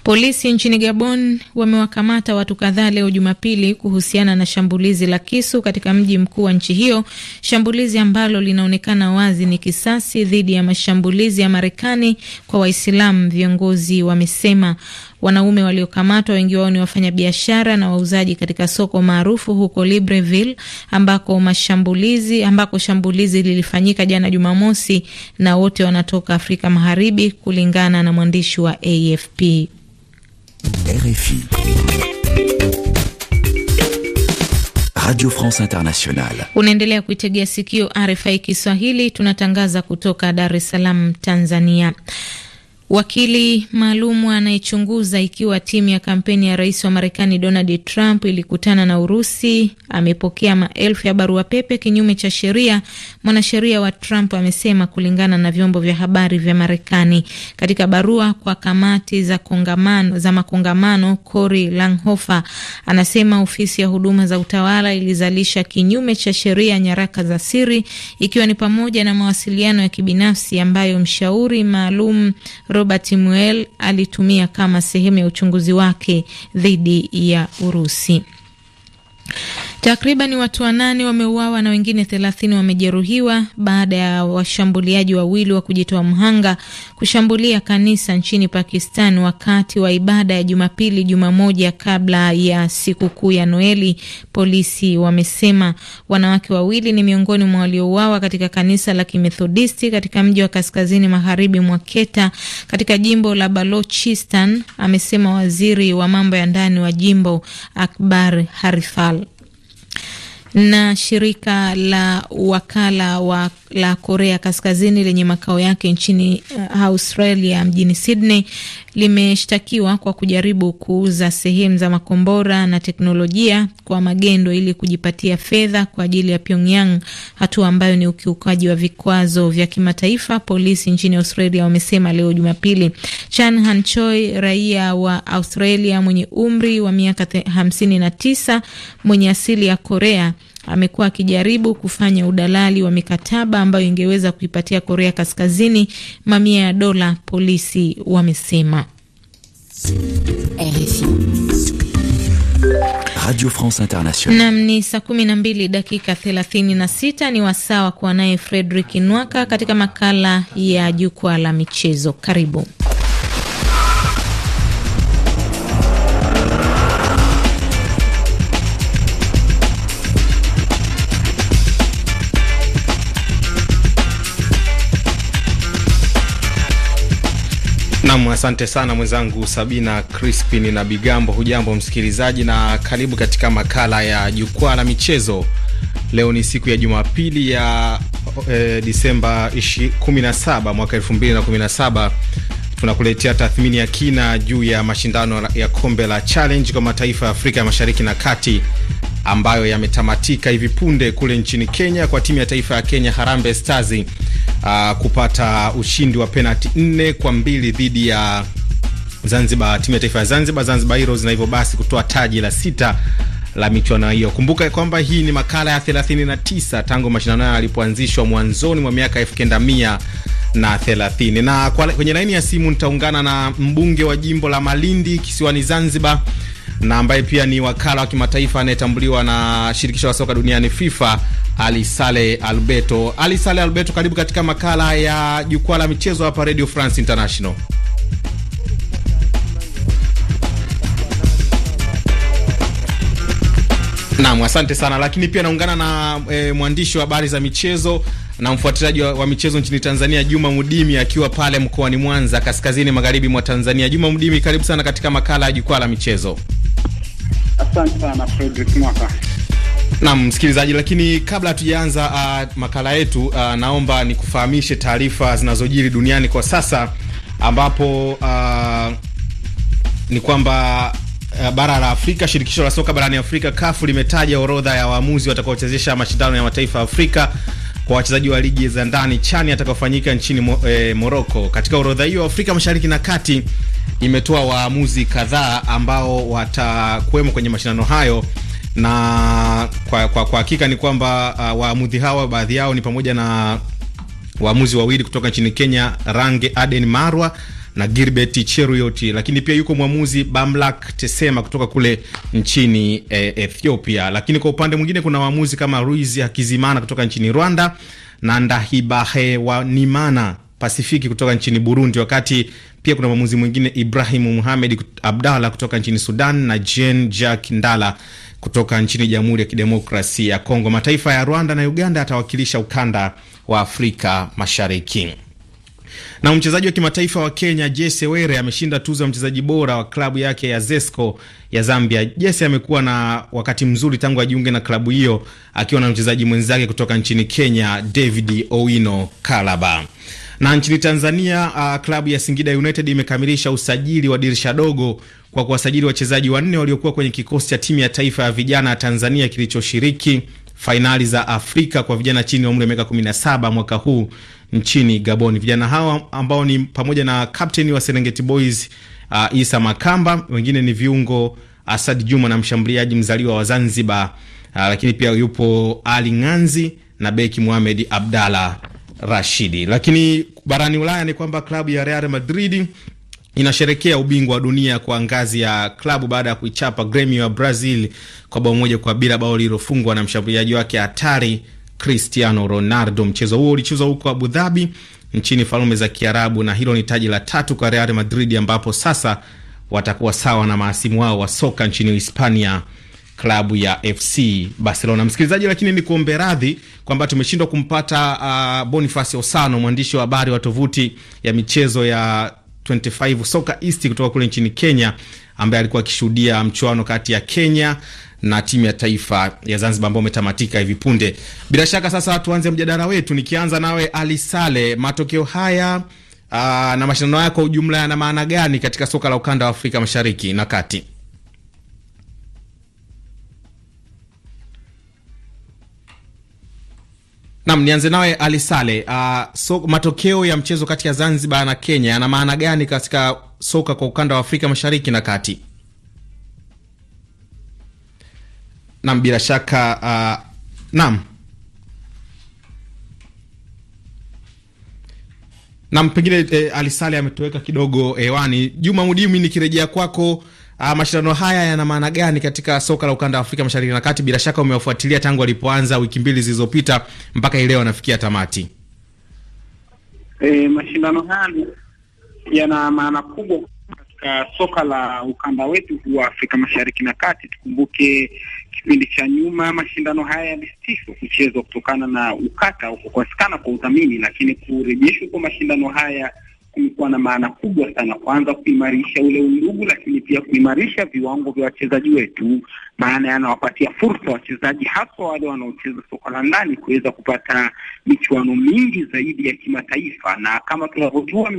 Polisi nchini Gabon wamewakamata watu kadhaa leo Jumapili kuhusiana na shambulizi la kisu katika mji mkuu wa nchi hiyo, shambulizi ambalo linaonekana wazi ni kisasi dhidi ya mashambulizi ya Marekani kwa Waislamu. Viongozi wamesema wanaume waliokamatwa wengi wao ni wafanyabiashara na wauzaji katika soko maarufu huko Libreville ambako mashambulizi ambako shambulizi lilifanyika jana Jumamosi, na wote wanatoka Afrika Magharibi kulingana na mwandishi wa AFP. RFI. Radio France Internationale. Unaendelea kuitegea sikio RFI Kiswahili, tunatangaza kutoka Dar es Salaam, Tanzania. Wakili maalum anayechunguza ikiwa timu ya kampeni ya rais wa Marekani Donald Trump ilikutana na Urusi amepokea maelfu ya barua pepe kinyume cha sheria, mwanasheria wa Trump amesema, kulingana na vyombo vya habari vya Marekani. Katika barua kwa kamati za kongamano, za makongamano, Cory Langhofer anasema ofisi ya huduma za utawala ilizalisha kinyume cha sheria nyaraka za siri, ikiwa ni pamoja na mawasiliano ya kibinafsi ambayo mshauri maalum Robert Muel alitumia kama sehemu ya uchunguzi wake dhidi ya Urusi. Takriban watu wanane wameuawa na wengine thelathini wamejeruhiwa baada ya washambuliaji wawili wa kujitoa mhanga kushambulia kanisa nchini Pakistan wakati wa ibada ya Jumapili, juma moja kabla ya sikukuu ya Noeli. Polisi wamesema wanawake wawili ni miongoni mwa waliouawa katika kanisa la Kimethodisti katika mji wa kaskazini magharibi mwa Keta katika jimbo la Balochistan, amesema waziri wa mambo ya ndani wa jimbo Akbar harifal na shirika la wakala wa, la Korea Kaskazini lenye makao yake nchini uh, Australia mjini Sydney limeshtakiwa kwa kujaribu kuuza sehemu za makombora na teknolojia kwa magendo ili kujipatia fedha kwa ajili ya Pyongyang, hatua ambayo ni ukiukaji wa vikwazo vya kimataifa, polisi nchini Australia wamesema leo Jumapili. Chan Han Choi, raia wa Australia mwenye umri wa miaka 59 mwenye asili ya Korea amekuwa akijaribu kufanya udalali wa mikataba ambayo ingeweza kuipatia Korea Kaskazini mamia ya dola, polisi wamesema. Radio France Internationale. Nam ni saa kumi na mbili dakika thelathini na sita ni wasawa kuwa naye Fredrik Nwaka katika makala ya jukwaa la michezo. Karibu. Nam, asante sana mwenzangu Sabina Crispin na Bigambo. Hujambo msikilizaji, na karibu katika makala ya jukwaa la michezo. Leo ni siku ya Jumapili ya e, Disemba 17 mwaka 2017. Tunakuletea tathmini ya kina juu ya mashindano ya kombe la Challenge kwa mataifa ya Afrika ya Mashariki na Kati ambayo yametamatika hivi punde kule nchini Kenya kwa timu ya taifa ya Kenya Harambee Stars uh, kupata ushindi wa penalti nne kwa mbili dhidi ya Zanzibar, timu ya taifa ya Zanzibar, Zanzibar Heroes, na hivyo basi kutoa taji la sita la michuano hiyo. Kumbuka kwamba hii ni makala ya 39 tangu mashindano hayo yalipoanzishwa mwanzoni mwa miaka 1900 na 30. Na kwenye laini ya simu nitaungana na mbunge wa jimbo la Malindi kisiwani Zanzibar na ambaye pia ni wakala wa kimataifa anayetambuliwa na shirikisho la soka duniani FIFA, Ali Sale Alberto. Ali Sale Alberto, karibu katika makala ya jukwaa la michezo hapa Radio France International. Naam, asante sana. Lakini pia naungana na e, mwandishi wa habari za michezo na mfuatiliaji wa, wa michezo nchini Tanzania Juma Mudimi akiwa pale mkoani Mwanza, kaskazini magharibi mwa Tanzania. Juma Mudimi, karibu sana katika makala ya jukwaa la michezo. Asante sana Fredrick Mwaka. Naam, msikilizaji, lakini kabla hatujaanza uh, makala yetu uh, naomba nikufahamishe taarifa zinazojiri duniani kwa sasa ambapo uh, ni kwamba uh, bara la Afrika, shirikisho la soka barani Afrika CAF limetaja orodha ya waamuzi watakaochezesha mashindano ya mataifa ya Afrika kwa wachezaji wa ligi za ndani chani atakaofanyika nchini mo, e, Morocco. Katika orodha hiyo Afrika Mashariki na Kati imetoa waamuzi kadhaa ambao watakuwemo kwenye mashindano hayo na kwa, kwa, kwa hakika ni kwamba uh, waamuzi hawa baadhi yao ni pamoja na waamuzi wawili kutoka nchini Kenya, Range Aden Marwa na Gilbert cheruyoti lakini pia yuko mwamuzi Bamlak Tesema kutoka kule nchini e, Ethiopia. Lakini kwa upande mwingine kuna waamuzi kama Ruiz Hakizimana kutoka nchini Rwanda na Ndahibahewanimana Pasifiki kutoka nchini Burundi, wakati pia kuna mwamuzi mwingine Ibrahimu Muhamed Abdalla kutoka nchini Sudan na Jean Jack Ndala kutoka nchini Jamhuri ya Kidemokrasia ya Kongo. Mataifa ya Rwanda na Uganda yatawakilisha ukanda wa Afrika Mashariki. Na mchezaji wa kimataifa wa Kenya Jesse Were ameshinda tuzo ya mchezaji bora wa klabu yake ya Zesco ya Zambia. Jesse amekuwa na wakati mzuri tangu ajiunge na klabu hiyo akiwa na mchezaji mwenzake kutoka nchini Kenya David Owino Kalaba. Na nchini Tanzania uh, klabu ya Singida United imekamilisha usajili wa dirisha dogo kwa kuwasajili wachezaji wanne waliokuwa kwenye kikosi cha timu ya taifa ya vijana ya Tanzania kilichoshiriki fainali za Afrika kwa vijana chini ya umri wa miaka 17 mwaka huu nchini Gabon. Vijana hawa ambao ni pamoja na kapteni wa Serengeti Boys uh, Isa Makamba, wengine ni viungo uh, Asad Juma na mshambuliaji mzaliwa wa Zanzibar, uh, lakini pia yupo Ali Nganzi na beki Muhamed Abdalla Rashidi. Lakini barani Ulaya ni kwamba klabu ya Real Madrid inasherekea ubingwa wa dunia kwa ngazi ya klabu baada ya kuichapa Gremio ya Brazil kwa bao moja kwa bila, bao lililofungwa na mshambuliaji wake hatari Cristiano Ronaldo. Mchezo huo ulichezwa huko Abu Dhabi nchini Falme za Kiarabu, na hilo ni taji la tatu kwa Real Madrid ambapo sasa watakuwa sawa na maasimu wao wa soka nchini Hispania klabu ya FC Barcelona. Msikilizaji, lakini ni kuombe radhi kwamba tumeshindwa kumpata uh, Boniface Osano, mwandishi wa habari wa tovuti ya michezo ya 25 Soka East kutoka kule nchini Kenya, ambaye alikuwa akishuhudia mchuano kati ya Kenya na timu ya taifa ya Zanzibar ambao umetamatika hivi punde. Bila shaka sasa tuanze mjadala wetu, nikianza nawe Ali Sale, matokeo haya uh, na mashindano haya kwa ujumla yana maana gani katika soka la ukanda wa Afrika Mashariki na Kati? Nam, nianze nawe Ali Sale. Uh, ah, so, matokeo ya mchezo kati ya Zanzibar na Kenya yana maana gani katika soka kwa ukanda wa Afrika Mashariki na Kati? Nam, bila shaka uh, ah, nam nam pengine eh, Ali Sale ametoweka kidogo hewani. Juma mudimi nikirejea kwako Uh, mashindano haya yana maana gani katika soka la ukanda wa Afrika Mashariki na Kati? Bila shaka umewafuatilia tangu alipoanza wiki mbili zilizopita mpaka ileo anafikia tamati. E, mashindano haya yana maana kubwa katika soka la ukanda wetu huu wa Afrika Mashariki na Kati. Tukumbuke kipindi cha nyuma mashindano haya yalisitishwa kuchezwa kutokana na ukata au kwa udhamini, lakini kurejeshwa kwa mashindano haya ilikuwa na maana kubwa sana, kwanza kuimarisha ule undugu, lakini pia kuimarisha viwango vya wachezaji wetu maana yanawapatia fursa wachezaji haswa wale wanaocheza soka la ndani kuweza kupata michuano mingi zaidi ya kimataifa, na kama tunavyojua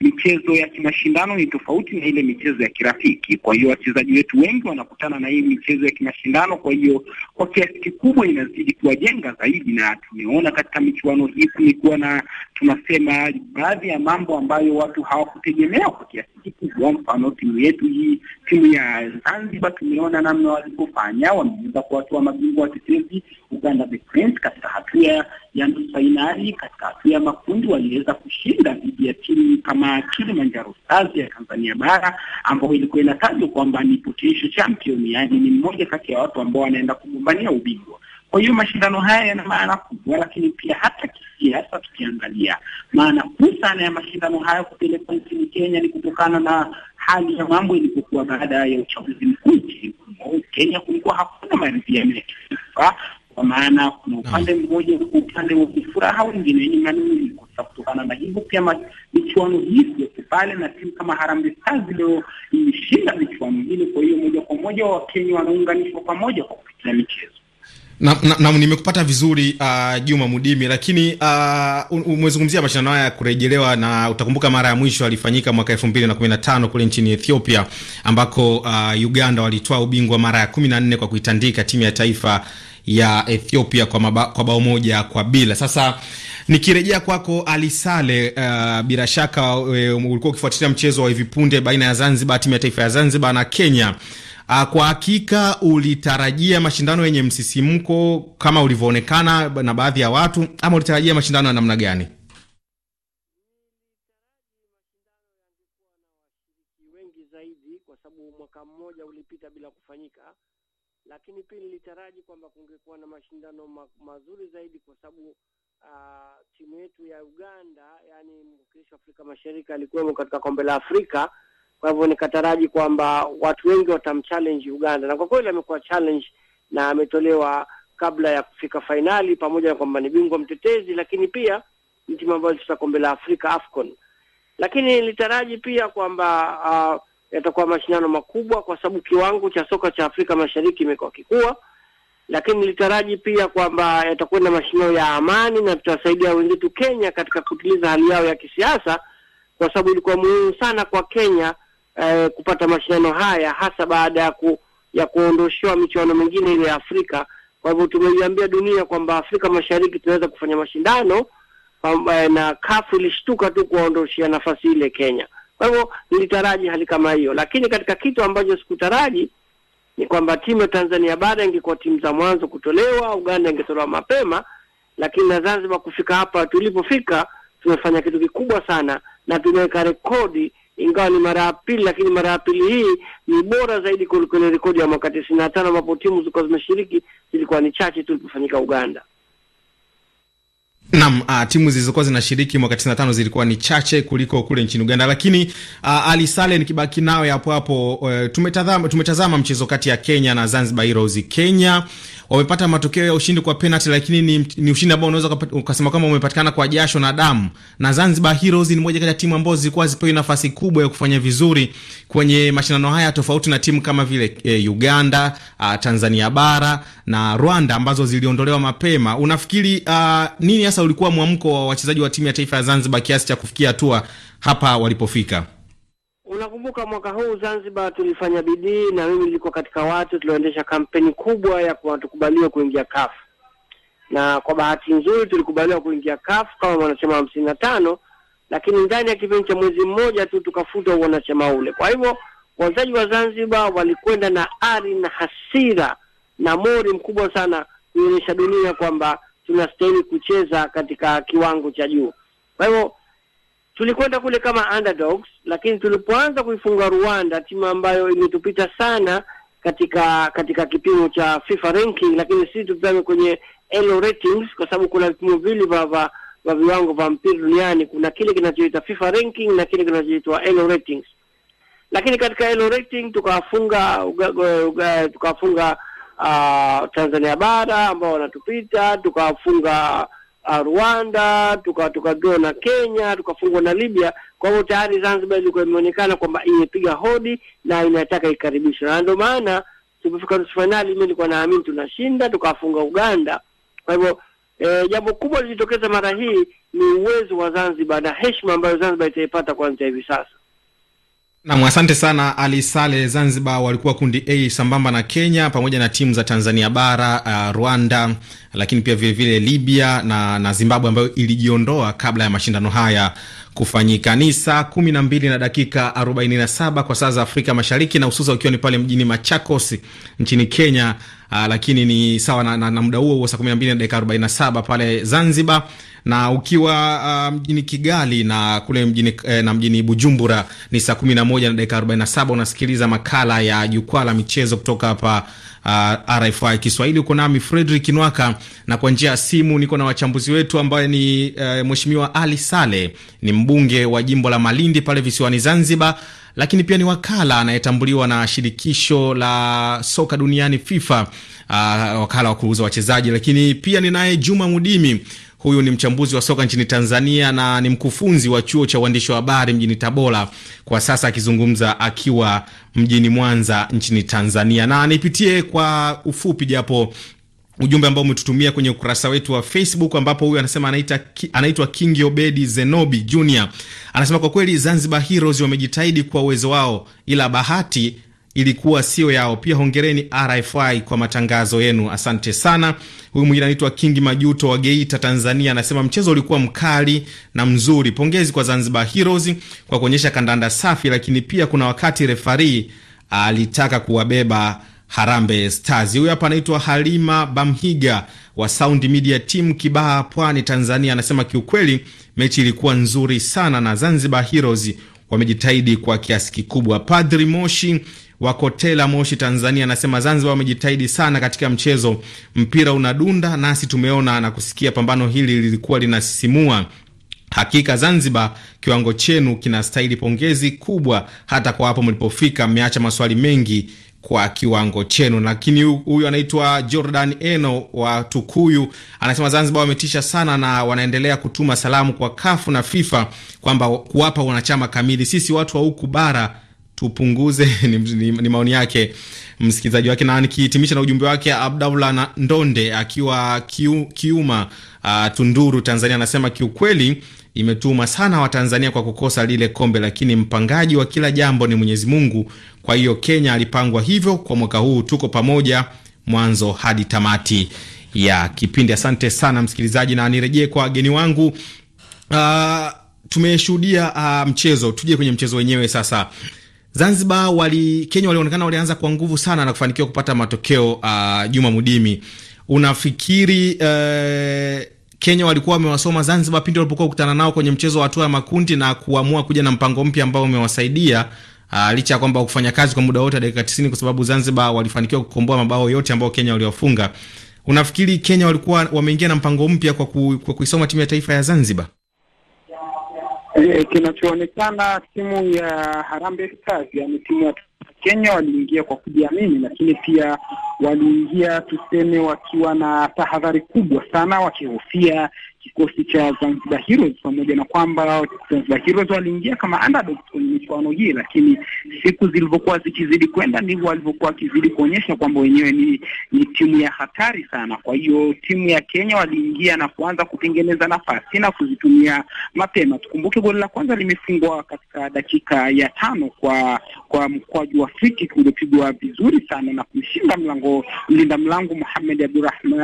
michezo ya kimashindano ni tofauti na ile michezo ya kirafiki. Kwa hiyo wachezaji wetu wengi wanakutana na hii michezo ya kimashindano, kwa hiyo kwa kiasi kikubwa inazidi kuwajenga zaidi, na tumeona katika michuano hii kulikuwa na tunasema baadhi ya mambo ambayo watu hawakutegemea kwa kiasi kikubwa. Mfano timu yetu hii, timu ya Zanzibar, tumeona namna walipofanya wameweza kuwatoa mabingwa watetezi Uganda the Cranes katika hatua ya nusu fainali. Katika hatua ya makundi waliweza kushinda dhidi ya timu kama Kilimanjaro Stars ya Tanzania Bara, ambayo ilikuwa inatajwa kwamba ni potential champion, yaani ni mmoja kati ya watu ambao wanaenda kugombania ubingwa. Kwa hiyo mashindano haya yana maana kubwa, lakini pia hata kisiasa tukiangalia maana kuu sana ya mashindano haya kupelekwa nchini Kenya ni kutokana na hali ya mambo ilipokuwa baada ya uchaguzi mkuu nchini humo, Kenya kulikuwa hakuna maridhiano ya kwa maana kuna upande mmoja huku upande wa furaha, wengine wenye manunguniko. Sasa kutokana na hivyo pia michuano hii pale na timu kama Harambee Stars leo imeshinda michuano ile, kwa hiyo moja kwa moja Wakenya wanaunganishwa pamoja kwa kupitia michezo na, na, na nimekupata vizuri uh, Juma Mudimi, lakini uh, umezungumzia mashindano haya ya kurejelewa, na utakumbuka mara ya mwisho alifanyika mwaka elfu mbili na na kumi tano kule nchini Ethiopia ambako uh, Uganda walitoa ubingwa mara ya kumi na nne kwa kuitandika timu ya taifa ya Ethiopia kwa, maba, kwa bao moja kwa bila. Sasa nikirejea kwako Ali Sale, uh, bila shaka ulikuwa ukifuatilia mchezo wa hivi punde baina ya Zanzibar, timu ya taifa ya Zanzibar na Kenya. Ah, kwa hakika ulitarajia mashindano yenye msisimko kama ulivyoonekana na baadhi ya watu, ama ulitarajia mashindano ya namna gani? Lakini pia nilitaraji kwamba kungekuwa na mashindano ma mazuri zaidi kwa sababu uh, timu yetu ya Uganda, yani mwakilishi wa Afrika Mashariki, alikuwemo katika kombe la Afrika kwa hivyo nikataraji kwamba watu wengi watamchallenge Uganda, na kwa kweli amekuwa challenge na ametolewa kabla ya kufika fainali, pamoja na kwamba ni bingwa mtetezi, lakini pia ni timu ambayo ilicheza kombe la Afrika AFCON. Lakini nilitaraji pia kwamba uh, yatakuwa mashindano makubwa, kwa sababu kiwango cha soka cha Afrika Mashariki imekuwa kikua, lakini nilitaraji pia kwamba yatakuwa na mashindano ya amani na tutawasaidia wenzetu Kenya katika kutuliza hali yao ya kisiasa, kwa sababu ilikuwa muhimu sana kwa Kenya eh, kupata mashindano haya hasa baada ya ku, ya kuondoshewa michuano mingine ile ya Afrika. Kwa hivyo tumeiambia dunia kwamba Afrika Mashariki tunaweza kufanya mashindano um, eh, na CAF ilishtuka tu kuwaondoshea nafasi ile Kenya. Kwa hivyo nilitaraji hali kama hiyo, lakini katika kitu ambacho sikutaraji ni kwamba timu ya Tanzania bara ingekuwa timu za mwanzo kutolewa, Uganda ingetolewa mapema, lakini na Zanzibar kufika hapa tulipofika, tumefanya kitu kikubwa sana na tumeweka rekodi ingawa ni mara ya pili, lakini mara ya pili hii ni bora zaidi kuliko ile rekodi ya mwaka tisini na tano ambapo timu zilikuwa zimeshiriki zilikuwa ni chache tu ilipofanyika Uganda. Naam, ah, timu zilizokuwa zinashiriki mwaka 95 zilikuwa ni chache kuliko kule nchini Uganda. Lakini uh, Ali Sale, nikibaki nawe hapo hapo, eh, tumetazama tumetazama mchezo kati ya Kenya na Zanzibar Heroes. Kenya wamepata matokeo ya ushindi kwa penalty, lakini ni, ni ushindi ambao unaweza ukasema kwamba umepatikana kwa jasho na damu, na Zanzibar Heroes ni moja kati ya timu ambazo zilikuwa zipewi nafasi kubwa ya kufanya vizuri kwenye mashindano haya, tofauti na timu kama vile e, Uganda a, ah, Tanzania bara na Rwanda ambazo ziliondolewa mapema. Unafikiri a, ah, nini hasa ulikuwa mwamko wa wachezaji wa timu ya taifa ya Zanzibar kiasi cha kufikia hatua hapa walipofika? Unakumbuka mwaka huu Zanzibar tulifanya bidii, na mimi nilikuwa katika watu tulioendesha kampeni kubwa ya tukubaliwa kuingia kafu, na kwa bahati nzuri tulikubaliwa kuingia kafu kama wanachama hamsini na tano, lakini ndani ya kipindi cha mwezi mmoja tu tukafuta wanachama ule. Kwa hivyo wazaji wa Zanzibar walikwenda na ari na hasira na mori mkubwa sana kuionyesha dunia kwamba tunastahili kucheza katika kiwango cha juu. Kwa hivyo tulikwenda kule kama underdogs, lakini tulipoanza kuifunga Rwanda, timu ambayo imetupita sana katika katika kipimo cha FIFA ranking, lakini sisi tupame kwenye ELO ratings, kwa sababu kuna vipimo vili vya viwango vya mpira duniani. Kuna kile kinachoitwa FIFA ranking na kile kinachoitwa ELO ratings, lakini katika ELO rating tukawafunga tukawafunga uh, Tanzania bara ambao wanatupita, tukawafunga Uh, Rwanda tuka na Kenya tukafungwa na Libya. Kwa hivyo tayari Zanzibar ilikuwa imeonekana kwamba imepiga hodi na inataka ikaribishwe, na ndio maana tumefika nusu fainali, mimi nilikuwa naamini tunashinda, tukafunga Uganda. Kwa hivyo e, jambo kubwa lilijitokeza mara hii ni uwezo wa Zanzibar na heshima ambayo Zanzibar itaipata kuanzia hivi sasa. Nam, asante sana Ali Sale. Zanzibar walikuwa kundi A sambamba na Kenya pamoja na timu za Tanzania bara, uh, Rwanda, lakini pia vilevile Libya na, na Zimbabwe ambayo ilijiondoa kabla ya mashindano haya kufanyika. Ni saa kumi na dakika saba kwa saa za Afrika Mashariki, na hususa ukiwa ni pale mjini Machakos nchini Kenya. Uh, lakini ni sawa na, na, na muda huo huo saa kumi na dakika saba pale Zanzibar, na ukiwa uh, mjini Kigali na kule mjini, eh, na mjini Bujumbura ni saa kumi na dakika saba. Unasikiliza makala ya jukwaa la michezo kutoka hapa uh, ah, RFI Kiswahili. Uko nami Fredrick Nwaka na kwa njia ya simu niko na wachambuzi wetu ambaye ni uh, Mheshimiwa Ali sale ni mbunge wa jimbo la Malindi pale visiwani Zanzibar, lakini pia ni wakala anayetambuliwa na shirikisho la soka duniani FIFA, uh, wakala wa kuuza wachezaji, lakini pia ninaye Juma Mudimi Huyu ni mchambuzi wa soka nchini Tanzania na ni mkufunzi wa chuo cha uandishi wa habari mjini Tabora, kwa sasa akizungumza akiwa mjini Mwanza nchini Tanzania. Na nipitie kwa ufupi japo ujumbe ambao umetutumia kwenye ukurasa wetu wa Facebook ambapo huyu anasema anaita, anaitwa Kingi Obedi Zenobi Junior. Anasema kwa kweli Zanzibar Heroes wamejitahidi kwa uwezo wao, ila bahati ilikuwa sio yao. Pia hongereni RFI kwa matangazo yenu, asante sana. Huyu mwingine anaitwa Kingi Majuto wa Geita, Tanzania, anasema mchezo ulikuwa mkali na mzuri. Pongezi kwa Zanzibar Heroes kwa kuonyesha kandanda safi, lakini pia kuna wakati refari alitaka kuwabeba Harambe Stars. Huyu hapa anaitwa Halima Bamhiga wa Sound Media Team, Kibaha, Pwani, Tanzania, anasema kiukweli mechi ilikuwa nzuri sana na Zanzibar Heroes wamejitahidi kwa kiasi kikubwa. Padri Moshi wa Kotela, Moshi, Tanzania, anasema Zanzibar wamejitahidi sana katika mchezo, mpira unadunda, nasi tumeona na kusikia. Pambano hili lilikuwa linasisimua. Hakika Zanzibar, kiwango chenu kinastahili pongezi kubwa, hata kwa hapo mlipofika. Mmeacha maswali mengi kwa kiwango chenu. Lakini huyu anaitwa Jordan Eno wa Tukuyu anasema Zanzibar wametisha sana na wanaendelea kutuma salamu kwa kafu na FIFA kwamba kuwapa wanachama kamili. Sisi watu wa huku bara tupunguze [LAUGHS] ni, ni, ni maoni yake msikilizaji wake, na nikihitimisha na ujumbe wake Abdallah Ndonde akiwa kiu, Kiuma uh, Tunduru, Tanzania, anasema kiukweli imetuma sana Watanzania kwa kukosa lile kombe, lakini mpangaji wa kila jambo ni Mwenyezi Mungu. Kwa hiyo Kenya alipangwa hivyo kwa mwaka huu, tuko pamoja mwanzo hadi tamati ya kipindi. Asante sana msikilizaji, na nirejee kwa wageni wangu. Uh, tumeshuhudia uh, mchezo. Tuje kwenye mchezo wenyewe sasa. Zanzibar wali, Kenya walionekana walianza kwa nguvu sana na kufanikiwa kupata matokeo. Uh, Juma Mudimi, unafikiri uh, Kenya walikuwa wamewasoma Zanzibar pindi walipokuwa kukutana nao kwenye mchezo wa hatua ya makundi na kuamua kuja na mpango mpya ambao umewasaidia uh, licha ya kwamba kufanya kazi kwa muda wote dakika 90 kwa sababu Zanzibar walifanikiwa kukomboa mabao yote ambayo Kenya waliwafunga. Unafikiri Kenya walikuwa wameingia na mpango mpya kwa, ku, kwa kuisoma timu ya taifa ya Zanzibar? E, kinachoonekana timu ya Harambee Stars yani timu ya Kenya waliingia kwa kujiamini, lakini pia waliingia tuseme, wakiwa na tahadhari kubwa sana, wakihofia kikosi cha Zanzibar Heroes, pamoja na kwamba Zanzibar Heroes waliingia kama underdogs kwenye michuano hii, lakini siku zilivyokuwa zikizidi kwenda ndivyo walivyokuwa wakizidi kuonyesha kwamba wenyewe ni, ni timu ya hatari sana. Kwa hiyo timu ya Kenya waliingia na kuanza kutengeneza nafasi na kuzitumia mapema. Tukumbuke goli la kwanza limefungwa katika dakika ya tano kwa kwa mkwaju wa free kick uliopigwa vizuri sana na kumshinda mlango mlinda mlango Mohamed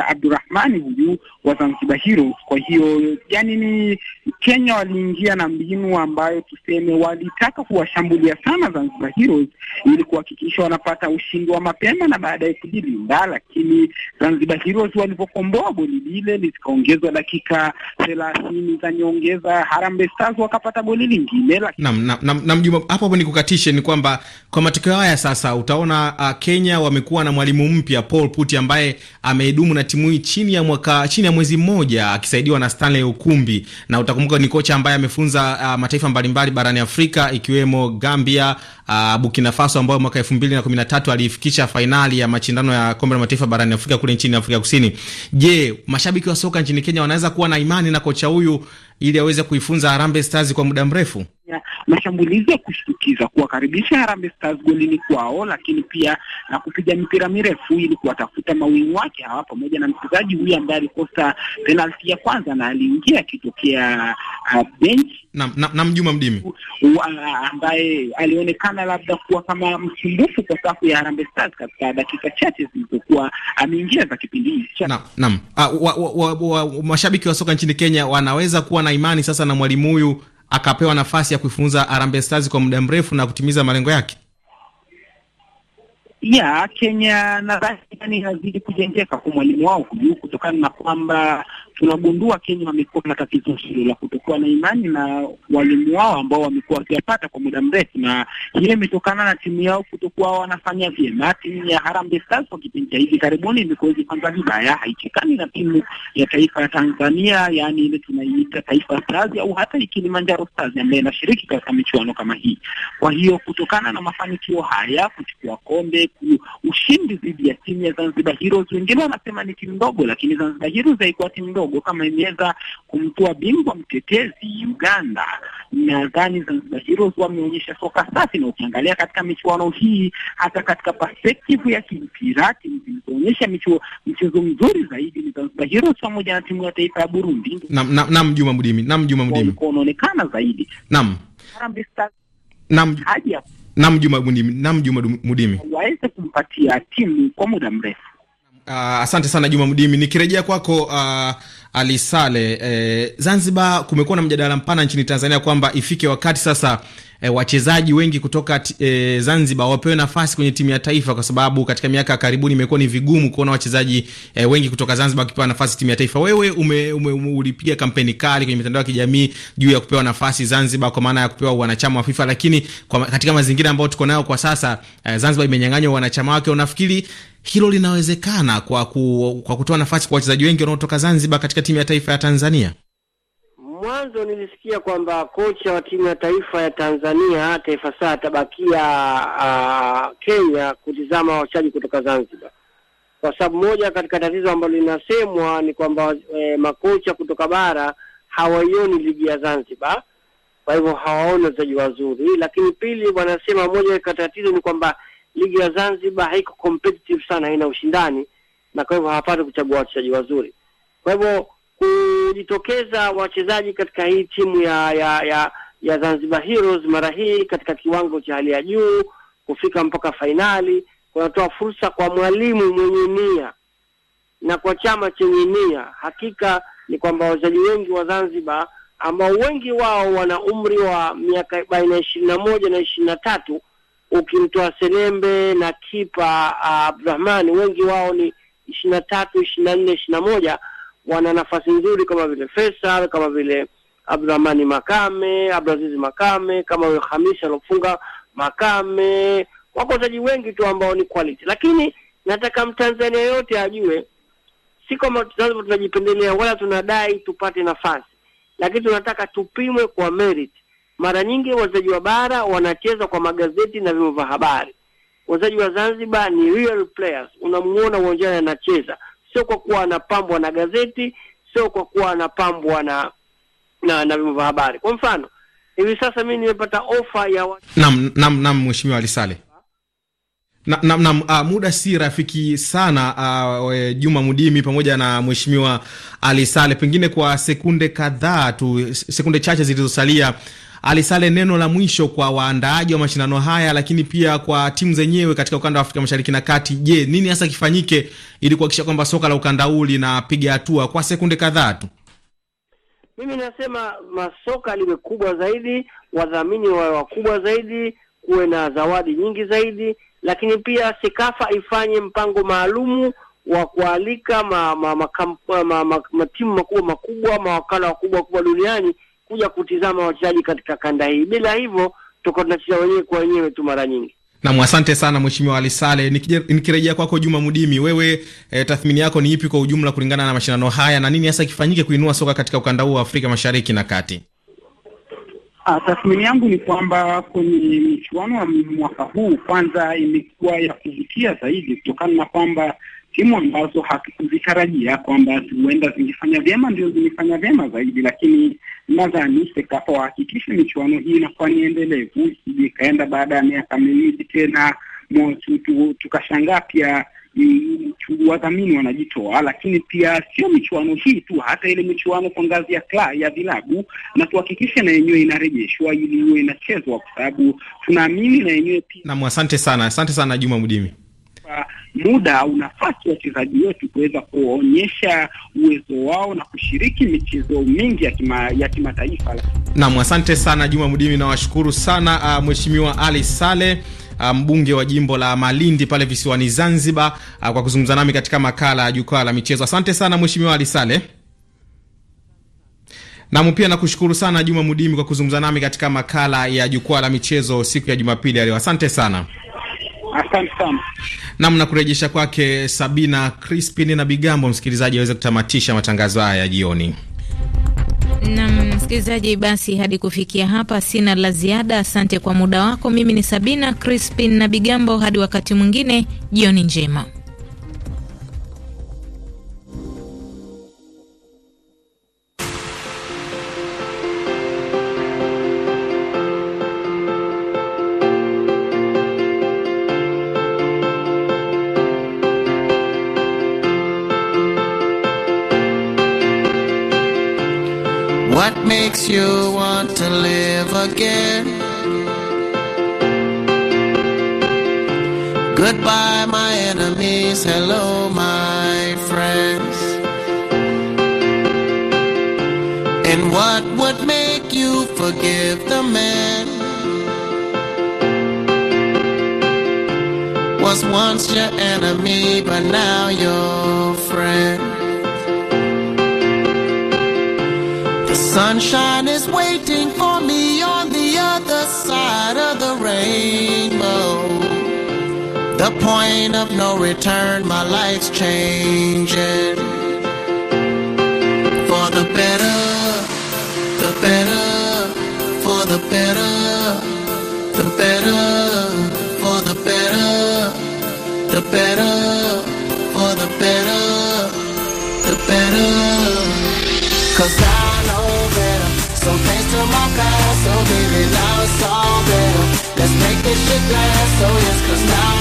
abdurahmani huyu wa Zanzibar Heroes. Kwa hiyo hiyo, yani ni Kenya waliingia na mbinu ambayo tuseme walitaka kuwashambulia sana Zanzibar Heroes ili kuhakikisha wanapata ushindi wa mapema na baadaye kujilinda, lakini Zanzibar Heroes walivyokomboa goli lile likaongezwa dakika thelathini za nyongeza, Harambee Stars wakapata goli lingine. Naam, Juma, hapo hapo nikukatishe, ni kwamba kwa matokeo haya sasa utaona uh, Kenya wamekuwa na mwalimu mpya Paul Puti ambaye amedumu na timu hii chini ya mwaka chini ya mwezi mmoja akisaidiwa na Stanley Ukumbi na utakumbuka Bongo ni kocha ambaye amefunza uh, mataifa mbalimbali barani Afrika ikiwemo Gambia, uh, Burkina Faso ambayo mwaka 2013 aliifikisha fainali ya mashindano ya kombe la mataifa barani Afrika kule nchini Afrika Kusini. Je, mashabiki wa soka nchini Kenya wanaweza kuwa na imani na kocha huyu ili aweze kuifunza Harambee Stars kwa muda mrefu? kufanya mashambulizi ya kushtukiza, kuwakaribisha Harambee Stars golini kwao, lakini pia na kupiga mipira mirefu ili kuwatafuta mawingi wake hawa, pamoja na mchezaji huyu ambaye alikosa penalti ya kwanza na aliingia akitokea uh, bench na, na, na Mjuma Mdimi uh, ambaye alionekana labda kuwa kama msumbufu kwa safu ya Harambee Stars katika dakika chache zilizokuwa ameingia za kipindi hicho. Naam, naam. Ah, mashabiki wa soka nchini Kenya wanaweza kuwa na imani sasa na mwalimu huyu akapewa nafasi ya kuifunza Harambee Stars kwa muda mrefu na kutimiza malengo yake? ya Kenya nadhani yani hazidi kujengeka kwa mwalimu wao huyu, kutokana na kwamba tunagundua Kenya wamekuwa na tatizo hilo la kutokuwa na imani na walimu wao ambao wamekuwa wakiwapata kwa muda mrefu, na hiyo imetokana na timu yao kutokuwa wanafanya vyema. Timu ya Harambee Stars kwa kipindi cha hivi karibuni imekuwa ikifanya vibaya, haichekani na timu ya taifa ya Tanzania, yaani ile tunaiita Taifa Stars au hata Kilimanjaro Stars ambaye inashiriki katika michuano kama hii. Kwa hiyo kutokana na mafanikio haya, kuchukua kombe, ushindi dhidi ya timu ya Zanzibar Heroes, wengine wanasema ni timu ndogo, lakini Zanzibar Heroes haikuwa timu ndogo kidogo kama imeweza kumtoa bingwa mtetezi Uganda, nadhani Zanzibar Heroes wameonyesha soka safi, na ukiangalia katika michuano hii, hata katika perspective ya kimpira, timu zilizoonyesha mchezo mzuri zaidi ni Zanzibar Heroes pamoja na timu ya taifa ya Burundi. Naam, naam, Juma Mudimi, naam, Juma Mudimi unaonekana zaidi. Naam, Harambee Stars, naam, haja naam, Juma naam, Juma waweze kumpatia timu kwa muda mrefu Uh, asante sana Juma Mdimi. Nikirejea kwako uh, ah, Alisale eh, Zanzibar kumekuwa na mjadala mpana nchini Tanzania kwamba ifike wakati sasa e, wachezaji wengi kutoka e, Zanzibar wapewe nafasi kwenye timu ya taifa, kwa sababu katika miaka ya karibuni imekuwa ni vigumu kuona wachezaji e, wengi kutoka Zanzibar wakipewa nafasi timu ya taifa. Wewe ume, ume, ume, ulipiga kampeni kali kwenye mitandao ya kijamii juu ya kupewa nafasi Zanzibar kwa maana ya kupewa wanachama wa FIFA, lakini kwa, katika mazingira ambayo tuko nayo kwa sasa e, Zanzibar imenyang'anywa wanachama wake. Unafikiri hilo linawezekana kwa, ku, kwa kutoa nafasi kwa wachezaji wengi wanaotoka Zanzibar katika timu ya taifa ya Tanzania? mwanzo nilisikia kwamba kocha wa timu ya taifa ya Tanzania Taifa Stars atabakia uh, Kenya kutizama wachaji kutoka Zanzibar, kwa sababu moja katika tatizo ambalo linasemwa ni kwamba eh, makocha kutoka bara hawaioni ligi ya Zanzibar, kwa hivyo hawaoni wachezaji wazuri. Lakini pili, wanasema moja katika tatizo ni kwamba ligi ya Zanzibar haiko competitive sana, haina ushindani, na kwa hivyo hawapati kuchagua wachezaji wazuri, kwa hivyo kujitokeza wachezaji katika hii timu ya ya ya, ya Zanzibar Heroes mara hii katika kiwango cha hali ya juu kufika mpaka fainali kunatoa fursa kwa mwalimu mwenye nia na kwa chama chenye nia. Hakika ni kwamba wachezaji wengi wa Zanzibar ambao wengi wao wana umri wa miaka baina ya ishirini na moja na ishirini na tatu ukimtoa Selembe na kipa ah, Abdurahmani, wengi wao ni ishirini na tatu ishirini na nne ishirini na moja wana nafasi nzuri kama vile Faisal, kama vile Abdurahmani Makame, Abdulaziz Makame, kama vile Hamisi alofunga Makame, wako wachezaji wengi tu ambao ni quality, lakini nataka Mtanzania yote ajue, si kama Zanzibar tunajipendelea wala tunadai tupate nafasi, lakini tunataka tupimwe kwa merit. Mara nyingi wachezaji wa bara wanacheza kwa magazeti na vyombo vya habari. Wachezaji wa Zanzibar ni real players, unamuona uwanjani anacheza sio kwa kuwa anapambwa na gazeti, sio kwa kuwa anapambwa na na, na vyombo vya habari. Kwa mfano hivi sasa mimi nimepata ofa ya nam nam nam, mheshimiwa alisale na, na, na, uh, ah, muda si rafiki sana uh, Juma Mudimi pamoja na mheshimiwa Ali sale pengine kwa sekunde kadhaa tu, sekunde chache zilizosalia alisale neno la mwisho kwa waandaaji wa mashindano haya, lakini pia kwa timu zenyewe katika ukanda wa Afrika Mashariki na Kati. Je, nini hasa kifanyike ili kuhakikisha kwamba soka la ukanda huu linapiga hatua? Kwa sekunde kadhaa tu, mimi nasema masoka liwe kubwa zaidi, wadhamini wawe wakubwa zaidi, kuwe na zawadi nyingi zaidi, lakini pia Sekafa ifanye mpango maalumu wa kualika matimu ma, ma, ma, ma, ma, makubwa makubwa mawakala wakubwa kubwa duniani kuja kutizama wachezaji katika kanda hii. Bila hivyo tutakuwa tunacheza wenyewe kwa wenyewe tu mara nyingi. Nam, asante sana Mheshimiwa Ali Sale. Nikirejea kwako Juma Mudimi, wewe e, tathmini yako ni ipi kwa ujumla kulingana na mashindano haya na nini hasa kifanyike kuinua soka katika ukanda huu wa Afrika Mashariki na Kati? Ah, tathmini yangu ni kwamba kwenye michuano ya mwaka huu kwanza imekuwa ya kuvutia zaidi kutokana na kwamba timu ambazo hatukuzitarajia kwamba huenda zingefanya vyema ndio zimefanya vyema zaidi, lakini nadhani SEKAFA wahakikishe michuano hii inakuwa ni endelevu, isije ikaenda baada ya miaka miwili tena tukashangaa pia wadhamini wanajitoa, lakini pia sio michuano hii tu, hata ile michuano kwa ngazi ya kla, ya vilabu na tuhakikishe na yenyewe inarejeshwa ili iwe inachezwa, kwa sababu tunaamini na yenyewe pia. Naam, asante sana, asante sana Juma Mudimi kuwapa muda au nafasi wachezaji wetu kuweza kuonyesha uwezo wao na kushiriki michezo mingi ya kima, ya kimataifa. Naam, asante sana Juma Mdimi, nawashukuru sana uh, Mheshimiwa Ali Sale ah, mbunge wa jimbo la Malindi pale visiwani Zanzibar ah, kwa kuzungumza nami katika makala ya jukwaa la michezo. Asante sana Mheshimiwa Ali Sale. Nam pia nakushukuru sana Juma Mudimi kwa kuzungumza nami katika makala ya jukwaa la michezo siku ya Jumapili ya leo. Asante sana. Asante sana nam na kurejesha kwake Sabina Crispin na Bigambo, msikilizaji aweze kutamatisha matangazo haya ya jioni. Nam msikilizaji, basi hadi kufikia hapa sina la ziada. Asante kwa muda wako. Mimi ni Sabina Crispin na Bigambo, hadi wakati mwingine, jioni njema. makes you want to live again. Goodbye, my enemies. Hello, my friends. And what would make you forgive the man? Was once your enemy, but now your friend. Sunshine is waiting for me on the other side of the rainbow. The point of no return, my life's changing. For the better, the better, for the better, the better, for the better, the better, for the better, the better. Cause I so thanks to my God, so baby, now it's all better. Let's make this shit last, so oh yes, cause now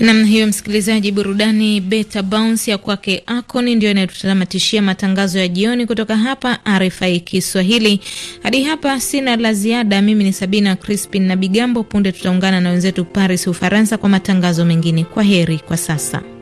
Namna hiyo, msikilizaji, burudani beta bounce ya kwake Akon ndio inayotutamatishia matangazo ya jioni kutoka hapa RFI Kiswahili. Hadi hapa sina la ziada. Mimi ni Sabina Crispin na Bigambo. Punde tutaungana na wenzetu Paris, Ufaransa, kwa matangazo mengine. Kwa heri kwa sasa.